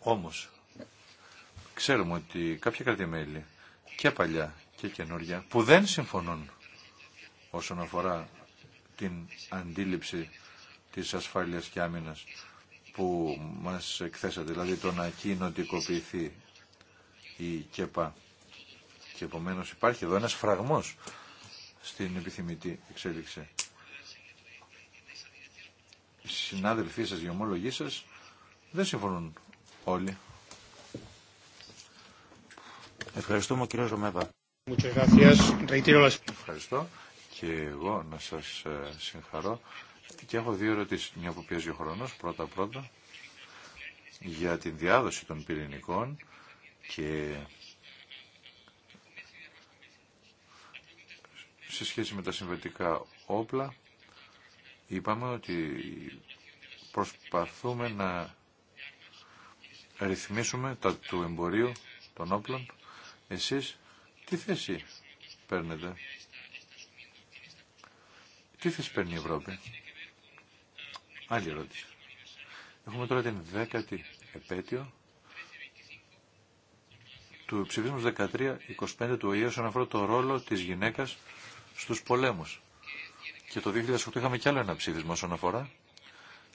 S1: Όμως, ξέρουμε ότι κάποια κρατημέλη και παλιά και καινούργια που δεν συμφωνούν όσον αφορά την αντίληψη της ασφάλειας και άμυνας που μας εκθέσατε, δηλαδή το να κοινοτικοποιηθεί η ΚΕΠΑ. Και επομένως υπάρχει εδώ ένας φραγμός στην επιθυμητή εξέλιξη. Οι συνάδελφοί σας, οι ομόλογοί σας, δεν συμφωνούν όλοι.
S2: Ευχαριστούμε κύριο Ζωμέβα.
S1: Ευχαριστώ και εγώ να σας ε, συγχαρώ και έχω δύο ερωτήσει, μια που πιέζει ο χρόνος, πρώτα-πρώτα, για την διάδοση των πυρηνικών και σε σχέση με τα συμβατικά όπλα, είπαμε ότι προσπαθούμε να ρυθμίσουμε τα του εμπορίου των όπλων. Εσείς τι θέση παίρνετε. Τι θέση παίρνει η Ευρώπη. Άλλη ερώτηση. Έχουμε τώρα την δέκατη επέτειο του ψηφίσμου 13-25 του ΟΗΕ όσον αφορά το ρόλο της γυναίκας στους πολέμους. Και το 2008 είχαμε κι άλλο ένα ψήφισμα όσον αφορά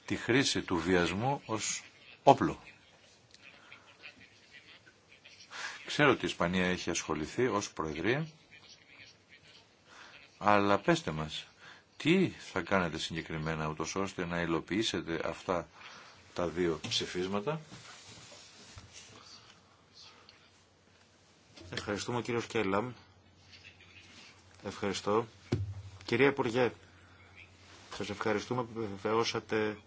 S1: τη χρήση του βιασμού ως όπλο. Ξέρω ότι η Ισπανία έχει ασχοληθεί ως Προεδρία, αλλά πέστε μας, τι θα κάνετε συγκεκριμένα ούτως ώστε να υλοποιήσετε αυτά
S2: τα δύο ψηφίσματα. Ευχαριστούμε κύριο Σκέλαμ. Ευχαριστώ. Κυρία Υπουργέ, σας ευχαριστούμε που επιβεβαιώσατε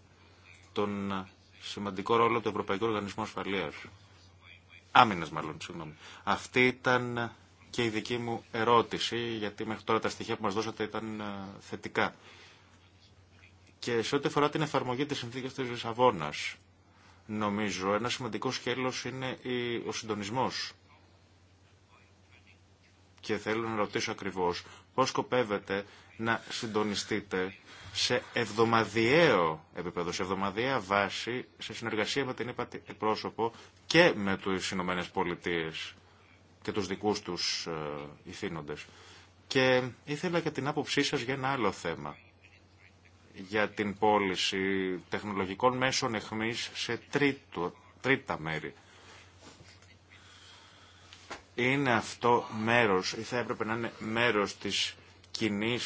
S2: τον σημαντικό ρόλο του Ευρωπαϊκού Οργανισμού Ασφαλείας. Άμυνας μάλλον, συγγνώμη. Αυτή ήταν και η δική μου ερώτηση, γιατί μέχρι τώρα τα στοιχεία που μας δώσατε ήταν ε, θετικά. Και σε ό,τι αφορά την εφαρμογή της συνθήκης της Λισαβόνας, νομίζω ένα σημαντικό σκέλος είναι ο συντονισμός. Και θέλω να ρωτήσω ακριβώς πώς σκοπεύετε να συντονιστείτε σε εβδομαδιαίο επίπεδο, σε εβδομαδιαία βάση, σε συνεργασία με την πρόσωπο και με τις Ηνωμένες Πολιτείες και τους δικούς τους ε, ηθήνοντες. Και ήθελα και την άποψή σας για ένα άλλο θέμα. Για την πώληση τεχνολογικών μέσων εχμής σε τρίτα μέρη. Είναι αυτό μέρος ή θα έπρεπε να είναι μέρος της κοινή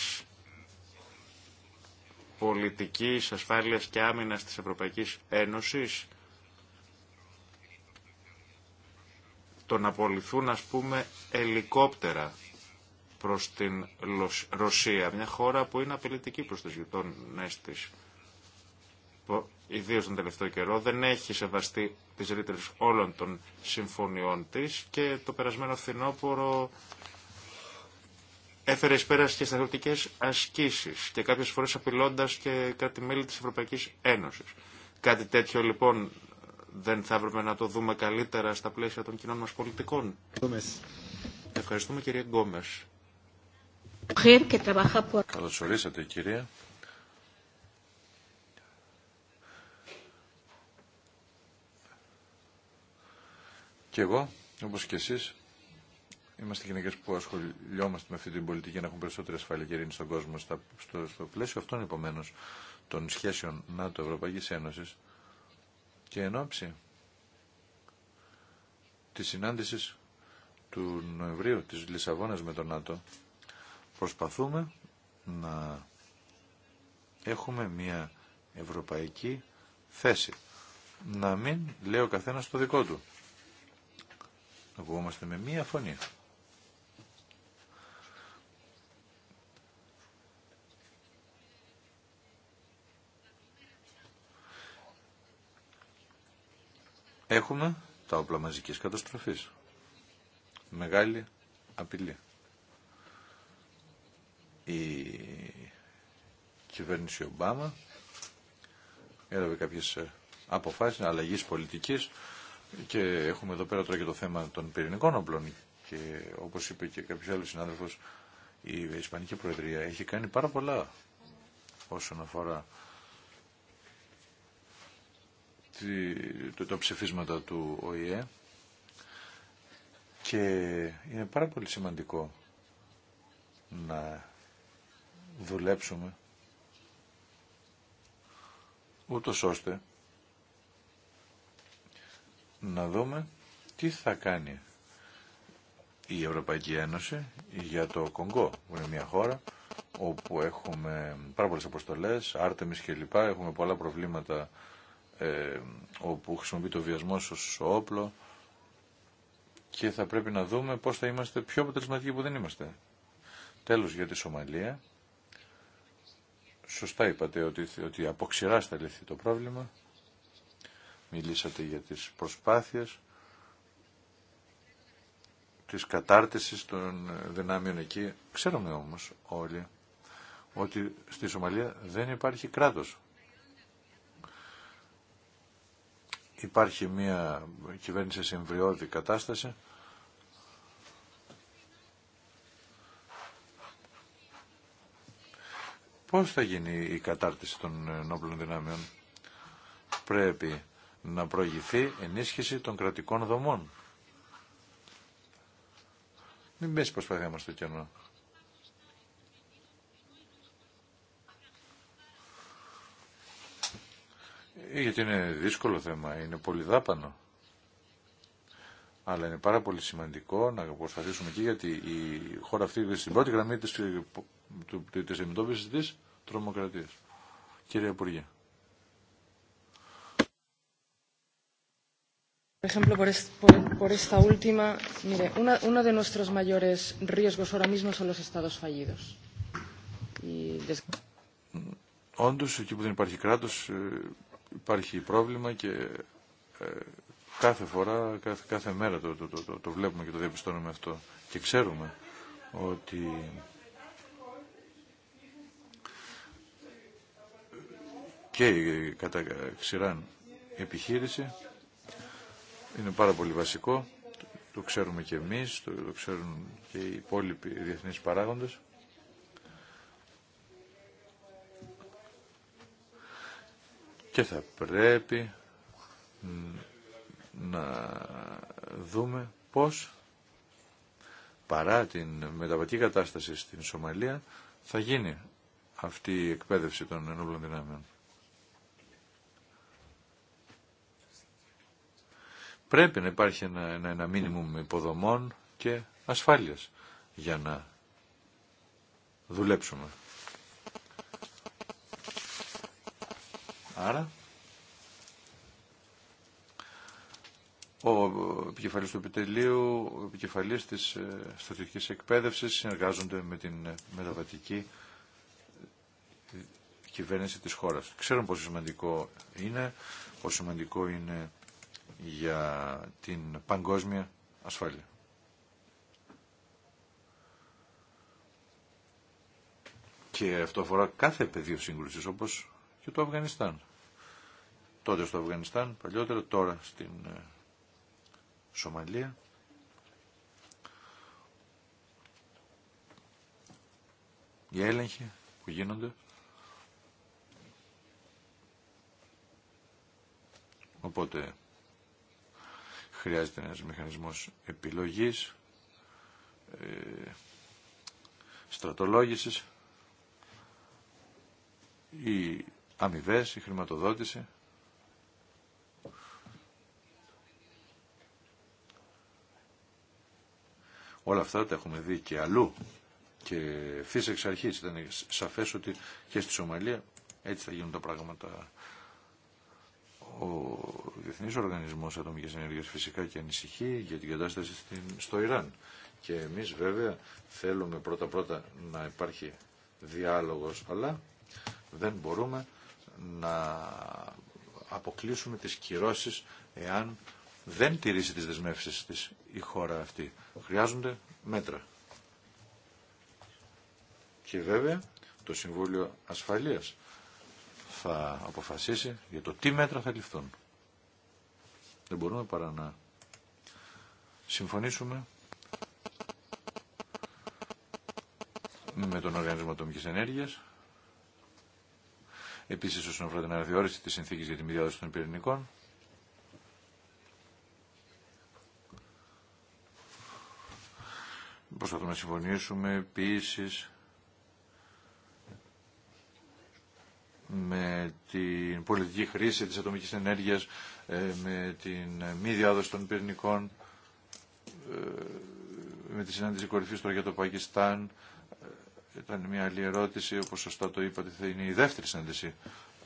S2: πολιτικής ασφάλειας και άμυνας της Ευρωπαϊκής Ένωσης το να απολυθούν ας πούμε ελικόπτερα προς την Ρωσία, μια χώρα που είναι απειλητική προς τις γειτόνες της ιδίως τον τελευταίο καιρό δεν έχει σεβαστεί τις ρήτρες όλων των συμφωνιών της και το περασμένο φθινόπωρο έφερε εις πέρας και στρατιωτικές ασκήσεις και κάποιες φορές απειλώντας και κάτι μέλη της Ευρωπαϊκής Ένωσης. Κάτι τέτοιο λοιπόν δεν θα έπρεπε να το δούμε καλύτερα στα πλαίσια των κοινών μας πολιτικών. Ευχαριστούμε κυρία Γκόμες. Καλώς ορίσατε κυρία.
S1: Και εγώ, όπως και εσείς, είμαστε γυναίκες που ασχολιόμαστε με αυτή την πολιτική να έχουν περισσότερη ασφάλεια και ειρήνη στον κόσμο. στο, στο πλαίσιο αυτών, επομένως, των σχέσεων ΝΑΤΟ-ΕΕ και εν ώψη της συνάντησης του Νοεμβρίου της Λισαβόνας με τον ΝΑΤΟ προσπαθούμε να έχουμε μια ευρωπαϊκή θέση. Να μην λέει ο καθένας το δικό του. Να βγούμαστε με μία φωνή. Έχουμε τα όπλα μαζικής καταστροφής. Μεγάλη απειλή. Η κυβέρνηση Ομπάμα έλαβε κάποιες ε, αποφάσεις αλλαγής πολιτικής και έχουμε εδώ πέρα τώρα και το θέμα των πυρηνικών όπλων και όπως είπε και κάποιος άλλος συνάδελφος η Ισπανική Προεδρία έχει κάνει πάρα πολλά όσον αφορά το, τα ψηφίσματα του ΟΗΕ και είναι πάρα πολύ σημαντικό να δουλέψουμε ούτως ώστε να δούμε τι θα κάνει η Ευρωπαϊκή Ένωση για το Κονγκό, που είναι μια χώρα όπου έχουμε πάρα πολλές αποστολές, άρτεμις κλπ. Έχουμε πολλά προβλήματα ε, όπου χρησιμοποιεί το βιασμό ως όπλο και θα πρέπει να δούμε πώς θα είμαστε πιο αποτελεσματικοί που δεν είμαστε. Τέλος για τη Σομαλία. Σωστά είπατε ότι, ότι από ξηρά το πρόβλημα. Μιλήσατε για τις προσπάθειες της κατάρτισης των δυνάμεων εκεί. Ξέρουμε όμως όλοι ότι στη Σομαλία δεν υπάρχει κράτος. υπάρχει μια κυβέρνηση σε εμβριώδη κατάσταση Πώς θα γίνει η κατάρτιση των νόπλων δυνάμεων. Πρέπει να προηγηθεί ενίσχυση των κρατικών δομών. Μην μές πως μας στο κενό. γιατί είναι δύσκολο θέμα, είναι πολυδάπανο. Αλλά είναι πάρα πολύ σημαντικό να προσπαθήσουμε εκεί, γιατί η χώρα αυτή στην πρώτη γραμμή της, της αντιμετώπισης της τρομοκρατίας. Κύριε Υπουργέ.
S3: Por ejemplo, por, por, por esta última, mire, una, uno de nuestros mayores riesgos ahora mismo son los estados fallidos. Y
S1: Όντως, εκεί που δεν υπάρχει κράτος, ε, υπάρχει πρόβλημα και ε, κάθε φορά, κάθε, κάθε μέρα το, το, το, το, βλέπουμε και το διαπιστώνουμε αυτό. Και ξέρουμε ότι και η κατά ξηράν επιχείρηση είναι πάρα πολύ βασικό. Το ξέρουμε και εμείς, το, το ξέρουν και οι υπόλοιποι διεθνείς παράγοντες. και θα πρέπει να δούμε πώς παρά την μεταβατική κατάσταση στην Σομαλία θα γίνει αυτή η εκπαίδευση των ενόπλων δυνάμεων. Πρέπει να υπάρχει ένα, ένα, ένα μήνυμο υποδομών και ασφάλειας για να δουλέψουμε. Άρα, ο επικεφαλής του επιτελείου, ο επικεφαλής της ε, στρατιωτικής εκπαίδευσης συνεργάζονται με την ε, μεταβατική ε, κυβέρνηση της χώρας. Ξέρουν πόσο σημαντικό είναι, πόσο σημαντικό είναι για την παγκόσμια ασφάλεια. Και αυτό αφορά κάθε πεδίο σύγκρουσης, όπως και το Αφγανιστάν τότε στο Αφγανιστάν, παλιότερα τώρα στην ε, Σομαλία. Οι έλεγχοι που γίνονται. Οπότε χρειάζεται ένας μηχανισμός επιλογής, ε, στρατολόγησης, η αμοιβέ, η χρηματοδότηση. Όλα αυτά τα έχουμε δει και αλλού. Και ευθύ εξ αρχή ήταν σαφέ ότι και στη Σομαλία έτσι θα γίνουν τα πράγματα. Ο Διεθνή Οργανισμό Ατομική Ενέργεια φυσικά και ανησυχεί για την κατάσταση στο Ιράν. Και εμεί βέβαια θέλουμε πρώτα-πρώτα να υπάρχει διάλογο, αλλά δεν μπορούμε να αποκλείσουμε τις κυρώσεις εάν δεν τηρήσει τις δεσμεύσεις της η χώρα αυτή. Χρειάζονται μέτρα. Και βέβαια το Συμβούλιο Ασφαλείας θα αποφασίσει για το τι μέτρα θα ληφθούν. Δεν μπορούμε παρά να συμφωνήσουμε με τον Οργανισμό Ατομικής Ενέργειας. Επίσης, όσον αφορά την αναδιορίση της συνθήκης για τη Μηδιάδοση των πυρηνικών, προσπαθούμε να συμφωνήσουμε επίση με την πολιτική χρήση της ατομικής ενέργειας, ε, με την μη διάδοση των πυρνικών, ε, με τη συνάντηση κορυφής τώρα για το Πακιστάν. Ε, ήταν μια άλλη ερώτηση, όπως σωστά το είπατε, θα είναι η δεύτερη συνάντηση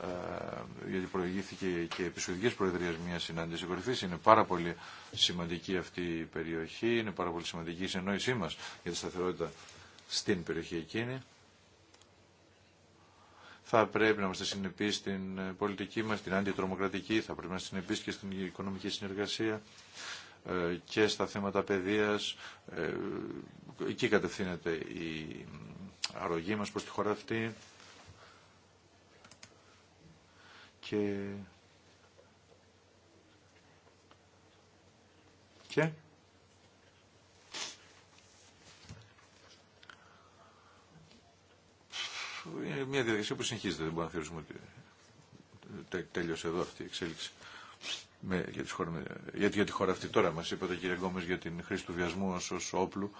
S1: ε, γιατί προηγήθηκε και επί Σουηδικής Προεδρίας μια συνάντηση κορυφής. Είναι πάρα πολύ σημαντική αυτή η περιοχή, είναι πάρα πολύ σημαντική η συνεννόησή μας για τη σταθερότητα στην περιοχή εκείνη. Θα πρέπει να είμαστε συνεπεί στην πολιτική μας, την αντιτρομοκρατική, θα πρέπει να είμαστε συνεπεί και στην οικονομική συνεργασία ε, και στα θέματα παιδείας. Ε, εκεί κατευθύνεται η αρρωγή μας προς τη χώρα αυτή. και... και... Είναι μια διαδικασία που συνεχίζεται, δεν μπορούμε να θεωρήσουμε ότι τέλειωσε εδώ αυτή η εξέλιξη. Με, για, τη χώρα αυτή τώρα μας είπατε κύριε Γκόμες για την χρήση του βιασμού ως, όπλου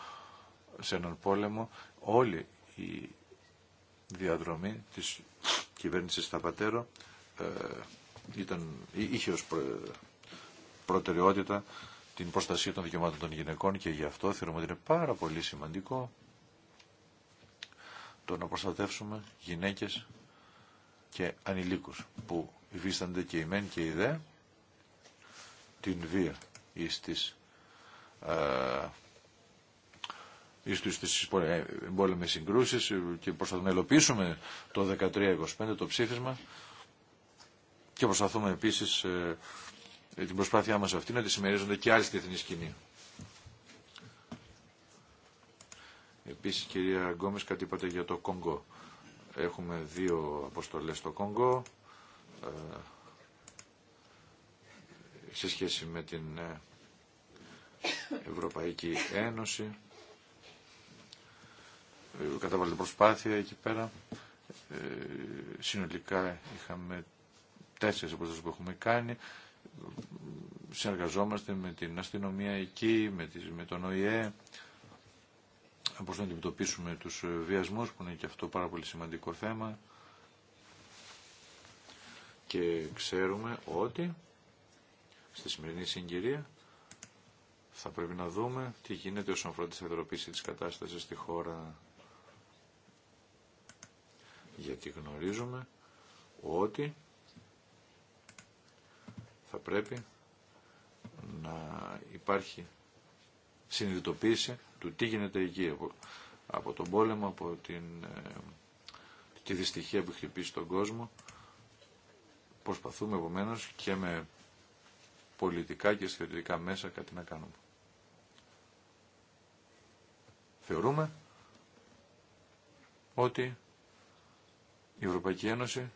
S1: σε έναν πόλεμο όλη η διαδρομή της κυβέρνησης Σταπατέρο ε, ήταν, είχε ως προτεραιότητα την προστασία των δικαιωμάτων των γυναικών και γι' αυτό θεωρούμε ότι είναι πάρα πολύ σημαντικό το να προστατεύσουμε γυναίκες και ανηλίκους που υφίστανται και οι και η δε την βία ίστις τις ε, τις τις ε, συγκρούσεις και προσπαθούμε να ελοπίσουμε το 1325 το ψήφισμα και προσπαθούμε επίσης ε, την προσπάθειά μας αυτή να τη συμμερίζονται και άλλες στη διεθνή σκηνή. Επίσης, κυρία Γκόμες, κάτι είπατε για το Κόγκο. Έχουμε δύο αποστολές στο Κόγκο ε, σε σχέση με την ε, Ευρωπαϊκή Ένωση. Καταβάλλεται προσπάθεια εκεί πέρα. Ε, συνολικά είχαμε τέσσερις όπως που έχουμε κάνει. Συνεργαζόμαστε με την αστυνομία εκεί, με, τις, με τον ΟΗΕ, πώς να αντιμετωπίσουμε τους βιασμούς που είναι και αυτό πάρα πολύ σημαντικό θέμα. Και ξέρουμε ότι στη σημερινή συγκυρία θα πρέπει να δούμε τι γίνεται όσον αφορά τη σταθεροποίηση της κατάστασης στη χώρα. Γιατί γνωρίζουμε ότι θα πρέπει να υπάρχει συνειδητοποίηση του τι γίνεται εκεί από, από τον πόλεμο, από την, ε, τη δυστυχία που χτυπήσει τον κόσμο. Προσπαθούμε επομένω και με πολιτικά και στρατιωτικά μέσα κάτι να κάνουμε. Θεωρούμε ότι η Ευρωπαϊκή Ένωση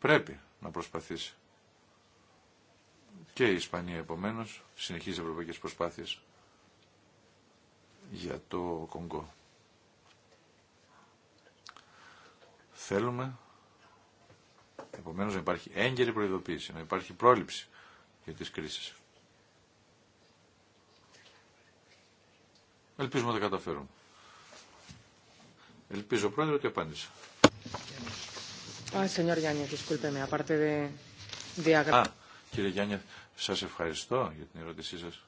S1: πρέπει να προσπαθήσει και η Ισπανία επομένως συνεχίζει ευρωπαϊκές προσπάθειες για το Κονγκό. Θέλουμε επομένως να υπάρχει έγκαιρη προειδοποίηση, να υπάρχει πρόληψη για τις κρίσεις. Ελπίζουμε να τα καταφέρουμε. Ελπίζω, Πρόεδρε, ότι απάντησα. Α, Κύριε Γιάννη, σας ευχαριστώ για την ερώτησή σας.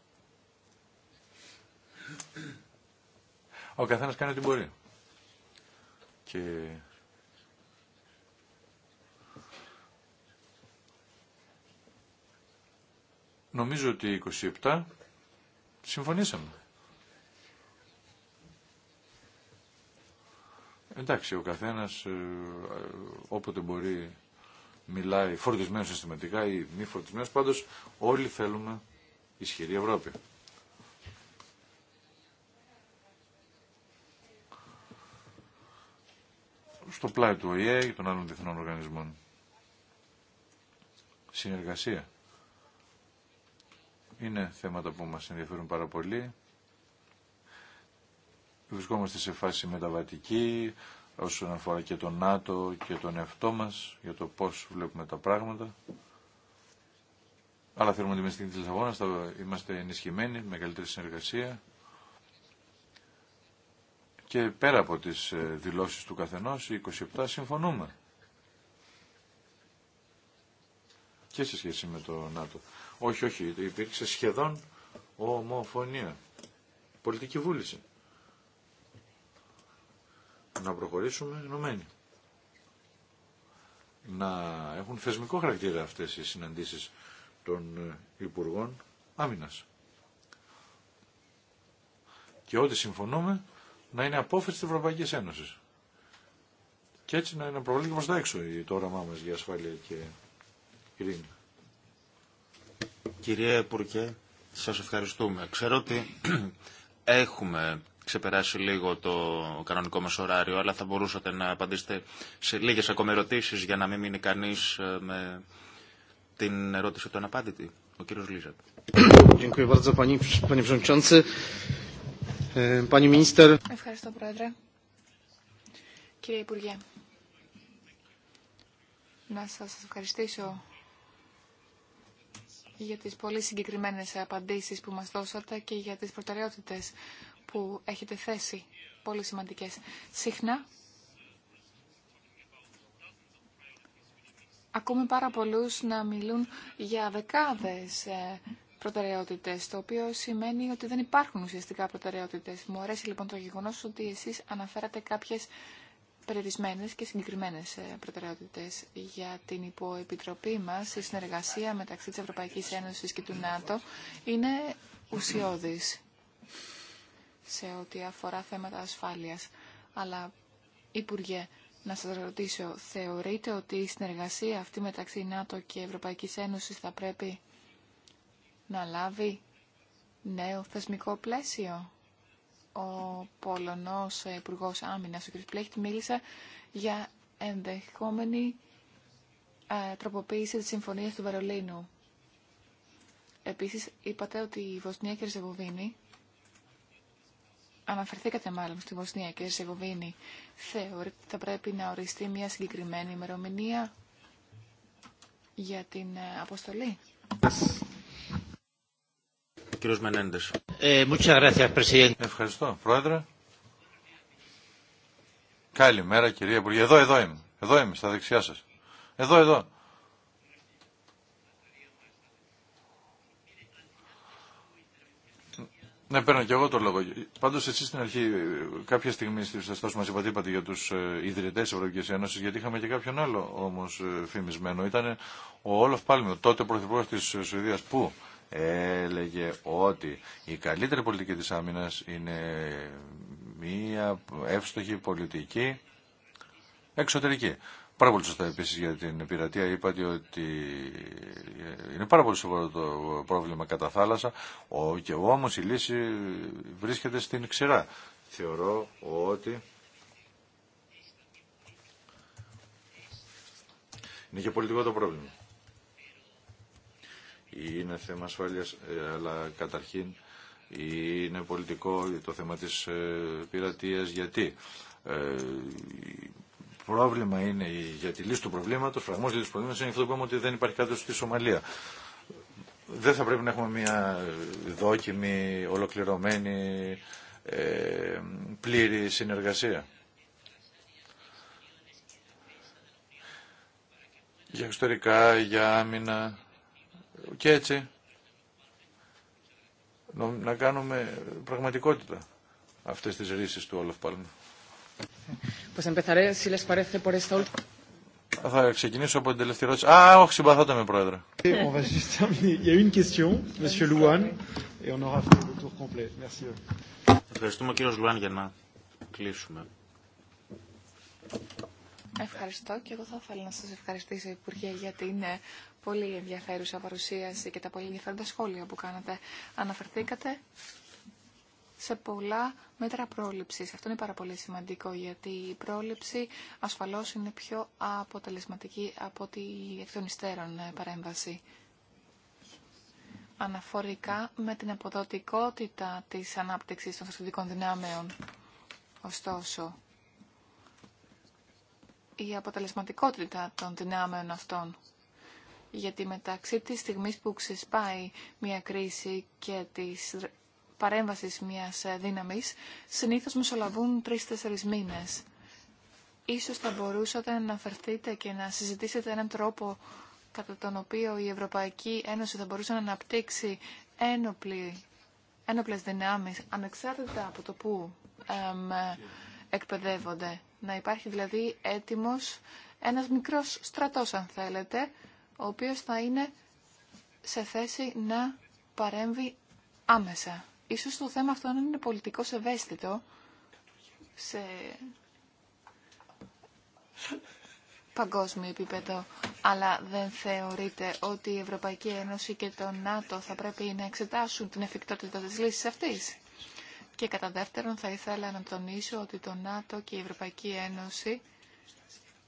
S1: Ο καθένας κάνει ό,τι μπορεί. Και... Νομίζω ότι 27 συμφωνήσαμε. Εντάξει, ο καθένας ε, όποτε μπορεί μιλάει φορτισμένο συστηματικά ή μη φορτισμένος, πάντως όλοι θέλουμε ισχυρή Ευρώπη. Στο πλάι του ΟΗΕ και των άλλων διεθνών οργανισμών. Συνεργασία. Είναι θέματα που μας ενδιαφέρουν πάρα πολύ. Βρισκόμαστε σε φάση μεταβατική, όσον αφορά και τον ΝΑΤΟ και τον εαυτό μας για το πώς βλέπουμε τα πράγματα. Αλλά θέλουμε ότι είμαστε της Λισαβόνας θα είμαστε ενισχυμένοι με καλύτερη συνεργασία και πέρα από τις ε, δηλώσεις του καθενός, οι 27 συμφωνούμε. Και σε σχέση με το ΝΑΤΟ. Όχι, όχι, υπήρξε σχεδόν ομοφωνία. Πολιτική βούληση να προχωρήσουμε ενωμένοι. Να έχουν θεσμικό χαρακτήρα αυτές οι συναντήσεις των ε, Υπουργών Άμυνας. Και ό,τι συμφωνούμε να είναι απόφαση της Ευρωπαϊκής Ένωσης. Και έτσι να είναι
S2: προβλήμα μα έξω το όραμά μας για ασφάλεια και ειρήνη. Κυρία Υπουργέ, σας ευχαριστούμε. Ξέρω ότι [CLEARS THROAT] έχουμε ξεπεράσει λίγο το κανονικό μας ωράριο, αλλά θα μπορούσατε να απαντήσετε σε λίγες ακόμα ερωτήσεις για να μην μείνει κανείς ε, με την ερώτηση του αναπάντητη. Ο κύριος Λίζα. Ε,
S3: Ευχαριστώ, Πρόεδρε. Κύριε Υπουργέ, να σας ευχαριστήσω για τις πολύ συγκεκριμένες απαντήσεις που μας δώσατε και για τις προτεραιότητες που έχετε θέσει, πολύ σημαντικές. Συχνά ακούμε πάρα πολλούς να μιλούν για δεκάδες ε, προτεραιότητες, το οποίο σημαίνει ότι δεν υπάρχουν ουσιαστικά προτεραιότητες. Μου αρέσει λοιπόν το γεγονός ότι εσείς αναφέρατε κάποιες περιορισμένες και συγκεκριμένες ε, προτεραιότητες για την υποεπιτροπή μας. Η συνεργασία μεταξύ της Ευρωπαϊκής Ένωσης και του ΝΑΤΟ είναι ουσιώδης σε ό,τι αφορά θέματα ασφάλειας. Αλλά, Υπουργέ, να σας ρωτήσω, θεωρείτε ότι η συνεργασία αυτή μεταξύ ΝΑΤΟ και Ευρωπαϊκής Ένωσης θα πρέπει να λάβει νέο θεσμικό πλαίσιο. Ο Πολωνός υπουργό Άμυνας, ο κ. Πλέχτη, μίλησε για ενδεχόμενη ε, τροποποίηση της Συμφωνίας του Βερολίνου. Επίσης, είπατε ότι η Βοσνία και η αναφερθήκατε μάλλον στη Βοσνία και Ζεγοβίνη, θεωρείτε ότι θα πρέπει να οριστεί μια συγκεκριμένη ημερομηνία για την ε, αποστολή.
S2: κύριος Μενέντες. Ε, Ευχαριστώ,
S1: Πρόεδρε. Καλημέρα, κυρία Υπουργέ. Εδώ, εδώ είμαι. Εδώ είμαι, στα δεξιά σας. Εδώ, εδώ. Ναι, παίρνω και εγώ το λόγο. Πάντω, εσεί στην αρχή, κάποια στιγμή στη στάση μα είπατε, είπατε για του ε, ιδρυτέ τη Ευρωπαϊκή Ένωση, γιατί είχαμε και κάποιον άλλο όμω ε, φημισμένο. Ήταν ο Όλοφ Πάλμιο, τότε πρωθυπουργό τη Σουηδία, που έλεγε ότι η καλύτερη πολιτική τη Άμυνα είναι μία εύστοχη πολιτική εξωτερική. Πάρα πολύ σωστά επίση για την πειρατεία είπατε ότι είναι πάρα πολύ σοβαρό το πρόβλημα κατά θάλασσα. Ο, και εγώ όμω η λύση βρίσκεται στην ξηρά. Θεωρώ ότι. Είναι και πολιτικό το πρόβλημα. Είναι θέμα ασφάλεια, ε, αλλά καταρχήν είναι πολιτικό το θέμα της ε, πειρατείας. Γιατί ε, πρόβλημα είναι για τη λύση του προβλήματος, φραγμός λύση του προβλήματος είναι αυτό που είπαμε ότι δεν υπάρχει κάτω στη Σομαλία. Δεν θα πρέπει να έχουμε μια δόκιμη, ολοκληρωμένη, ε, πλήρη συνεργασία. Για εξωτερικά για άμυνα και έτσι να κάνουμε πραγματικότητα αυτές τις ρίσεις του Όλαφ Πάλμα. Θα ξεκινήσω από την τελευταία ερώτηση. Α, όχι, συμπαθάτε με, Πρόεδρε.
S2: Ευχαριστούμε, κύριο Λουάν, για να κλείσουμε.
S3: Ευχαριστώ και εγώ θα ήθελα να σας ευχαριστήσω Υπουργέ για την ε, πολύ ενδιαφέρουσα παρουσίαση και τα πολύ ενδιαφέροντα σχόλια που κάνατε. Αναφερθήκατε σε πολλά μέτρα πρόληψης. Αυτό είναι πάρα πολύ σημαντικό γιατί η πρόληψη ασφαλώς είναι πιο αποτελεσματική από την εκ των υστέρων ε, παρέμβαση. Αναφορικά με την αποδοτικότητα της ανάπτυξης των στρατιωτικών δυνάμεων. Ωστόσο, η αποτελεσματικότητα των δυνάμεων αυτών γιατί μεταξύ της στιγμής που ξεσπάει μια κρίση και της παρέμβαση μιας ε, δύναμη, συνήθω συνήθως τρει τέσσερι μήνες. Ίσως θα μπορούσατε να αναφερθείτε και να συζητήσετε έναν τρόπο κατά τον οποίο η Ευρωπαϊκή Ένωση θα μπορούσε να αναπτύξει ένοπλε ένοπλες δυνάμεις ανεξάρτητα από το που εκπαιδεύονται. Να υπάρχει δηλαδή έτοιμος ένας μικρός στρατός αν θέλετε, ο οποίος θα είναι σε θέση να παρέμβει άμεσα. Ίσως το θέμα αυτό είναι πολιτικό ευαίσθητο σε παγκόσμιο επίπεδο, αλλά δεν θεωρείτε ότι η Ευρωπαϊκή Ένωση και το ΝΑΤΟ θα πρέπει να εξετάσουν την εφικτότητα της λύσης αυτής. Και κατά δεύτερον θα ήθελα να τονίσω ότι το ΝΑΤΟ και η Ευρωπαϊκή Ένωση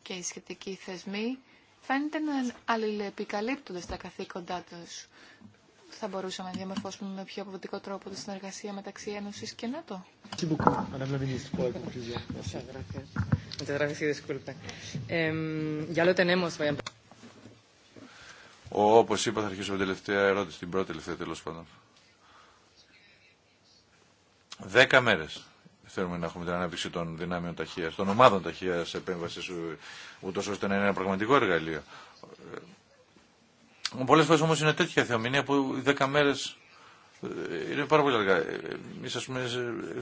S3: και οι σχετικοί θεσμοί φαίνεται να αλληλεπικαλύπτονται στα καθήκοντά τους θα μπορούσαμε να διαμορφώσουμε με πιο αποδοτικό τρόπο τη συνεργασία μεταξύ Ένωση και ΝΑΤΟ.
S1: Όπω είπα, θα αρχίσω με την τελευταία ερώτηση, την πρώτη τελευταία τέλο πάντων. Δέκα μέρε θέλουμε να έχουμε την ανάπτυξη των δυνάμεων ταχεία, των ομάδων ταχεία επέμβαση, ούτω ώστε να είναι ένα πραγματικό εργαλείο Πολλέ φορέ όμω είναι τέτοια θεομηνία που οι δέκα μέρες ε, είναι πάρα πολύ αργά. Ε, Εμεί α πούμε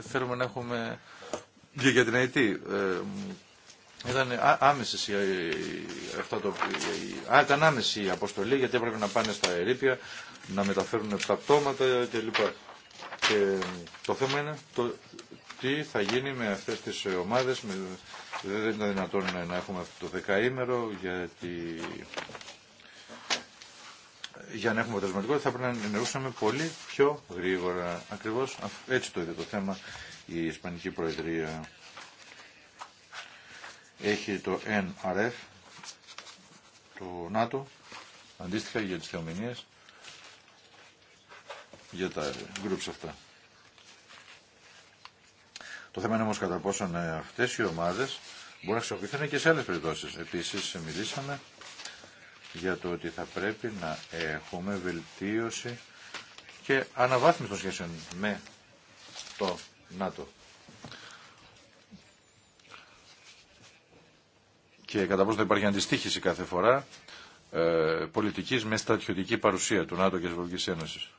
S1: θέλουμε να έχουμε για την ΑΕΤ ήταν άμεση η, η αποστολή γιατί έπρεπε να πάνε στα ερήπια, να μεταφέρουν τα πτώματα κλπ. Και το θέμα είναι τι θα γίνει με αυτέ τι ομάδε. Δεν είναι δυνατόν να έχουμε αυτό το δεκαήμερο γιατί για να έχουμε αποτελεσματικότητα θα πρέπει να ενεργούσαμε πολύ πιο γρήγορα. Ακριβώς έτσι το είδε το θέμα η Ισπανική Προεδρία. Έχει το NRF, του ΝΑΤΟ, αντίστοιχα για τις θεομηνίε, για τα groups αυτά. Το θέμα είναι όμως κατά πόσο ε, αυτές οι ομάδες μπορούν να χρησιμοποιηθούν και σε άλλες περιπτώσεις. Επίσης μιλήσαμε για το ότι θα πρέπει να έχουμε βελτίωση και αναβάθμιση των σχέσεων με το ΝΑΤΟ. Και κατά πόσο θα υπάρχει αντιστοίχηση κάθε φορά ε, πολιτικής με στρατιωτική παρουσία του ΝΑΤΟ και της Ευρωπαϊκής Ένωσης.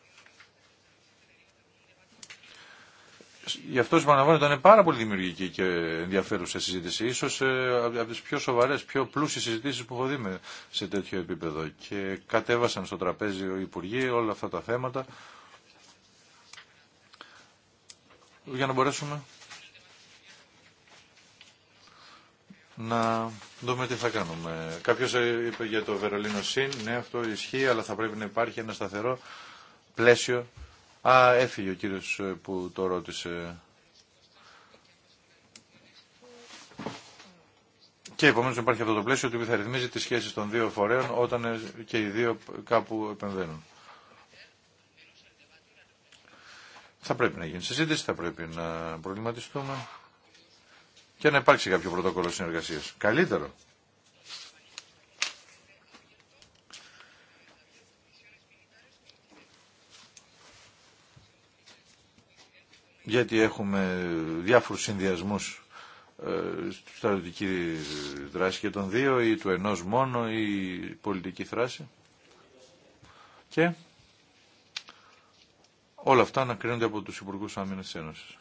S1: γι' αυτό σου ήταν πάρα πολύ δημιουργική και ενδιαφέρουσα συζήτηση. Ίσως ε, από τις πιο σοβαρές, πιο πλούσιες συζητήσεις που έχω δει σε τέτοιο επίπεδο. Και κατέβασαν στο τραπέζι οι Υπουργοί όλα αυτά τα θέματα για να μπορέσουμε να δούμε τι θα κάνουμε. Κάποιο είπε για το Βερολίνο ΣΥΝ, ναι αυτό ισχύει, αλλά θα πρέπει να υπάρχει ένα σταθερό πλαίσιο Α, έφυγε ο κύριος ε, που το ρώτησε. Και επομένω υπάρχει αυτό το πλαίσιο ότι θα ρυθμίζει τις σχέσεις των δύο φορέων όταν ε, και οι δύο κάπου επεμβαίνουν. Θα πρέπει να γίνει συζήτηση, θα πρέπει να προβληματιστούμε και να υπάρξει κάποιο πρωτόκολλο συνεργασίας. Καλύτερο. γιατί έχουμε διάφορους συνδυασμούς ε, στρατιωτική δράση και των δύο ή του ενός μόνο ή πολιτική δράση και όλα αυτά να κρίνονται από τους Υπουργούς Άμυνας της Ένωσης.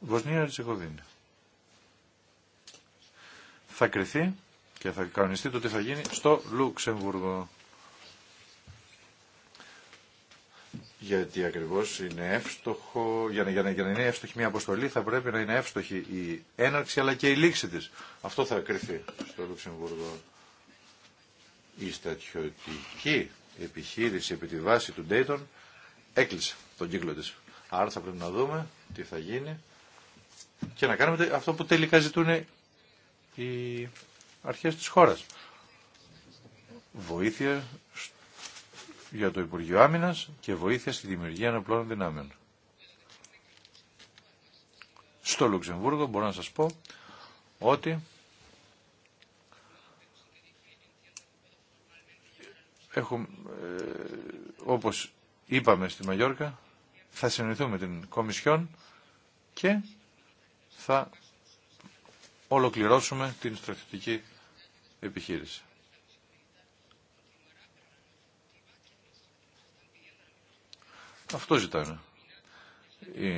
S1: Βοσνία Ριτσεχοβίνη. Θα κρυθεί και θα κανονιστεί το τι θα γίνει στο Λουξεμβούργο. γιατί ακριβώ είναι εύστοχο, για να, για, να, για να είναι εύστοχη μια αποστολή θα πρέπει να είναι εύστοχη η έναρξη αλλά και η λήξη της. Αυτό θα κρυφθεί στο Λουξεμβούργο. Η στατιωτική επιχείρηση επί τη βάση του Ντέιτον έκλεισε τον κύκλο τη. Άρα θα πρέπει να δούμε τι θα γίνει και να κάνουμε αυτό που τελικά ζητούν οι αρχέ τη χώρα. Βοήθεια για το Υπουργείο Άμυνα και βοήθεια στη δημιουργία ενοπλών δυνάμεων. Στο Λουξεμβούργο μπορώ να σας πω ότι έχουμε, ε, όπως είπαμε στη Μαγιόρκα, θα συνοηθούμε την Κομισιόν και θα ολοκληρώσουμε την στρατιωτική επιχείρηση. Αυτό ζητάνε. Ε,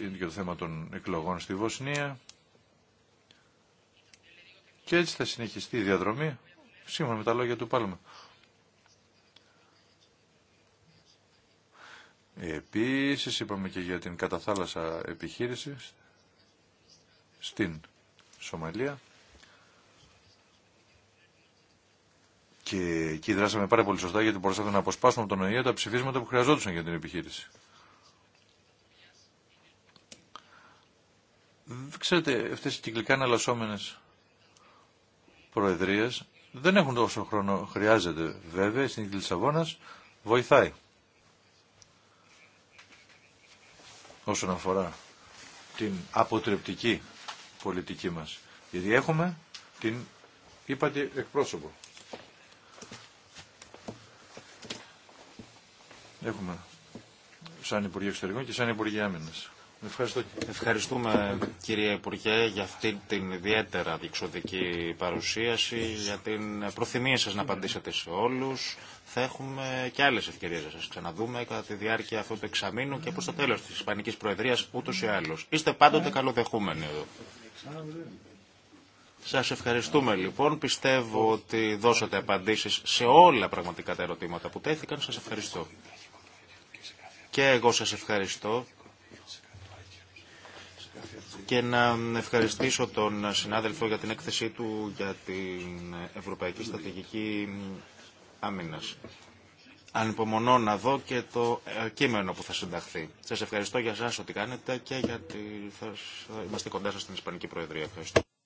S1: είναι και το θέμα των εκλογών στη Βοσνία. Και έτσι θα συνεχιστεί η διαδρομή, σύμφωνα με τα λόγια του Πάλμα. Επίσης είπαμε και για την καταθάλασσα επιχείρηση στην Σομαλία. Και εκεί δράσαμε πάρα πολύ σωστά γιατί μπορούσαμε να αποσπάσουμε από τον ΟΗΕ τα ψηφίσματα που χρειαζόντουσαν για την επιχείρηση. Ξέρετε, αυτές οι κυκλικά αναλασσόμενε προεδρίες δεν έχουν τόσο χρόνο χρειάζεται βέβαια. Η συνήθεια Λισαβόνα βοηθάει. όσον αφορά την αποτρεπτική πολιτική μας. Γιατί έχουμε την είπατε εκπρόσωπο. έχουμε
S2: σαν Υπουργείο Εξωτερικών και σαν Υπουργείο Άμυνα. Ευχαριστούμε κύριε Υπουργέ για αυτή την ιδιαίτερα διεξοδική παρουσίαση, για την προθυμία σας να απαντήσετε σε όλους. Θα έχουμε και άλλες ευκαιρίες να σας ξαναδούμε κατά τη διάρκεια αυτού του εξαμήνου και προς το τέλος της Ισπανικής Προεδρίας ούτως ή άλλως. Είστε πάντοτε καλοδεχούμενοι εδώ. Σας ευχαριστούμε λοιπόν. Πιστεύω ότι δώσατε απαντήσεις σε όλα πραγματικά τα ερωτήματα που τέθηκαν. Σας ευχαριστώ. Και εγώ σας ευχαριστώ και να ευχαριστήσω τον συνάδελφο για την έκθεσή του για την Ευρωπαϊκή Στρατηγική Άμυνας. Ανυπομονώ να δω και το ε, κείμενο που θα συνταχθεί. Σας ευχαριστώ για σας ό,τι κάνετε και γιατί θα είμαστε κοντά σας στην Ισπανική Προεδρία. Ευχαριστώ.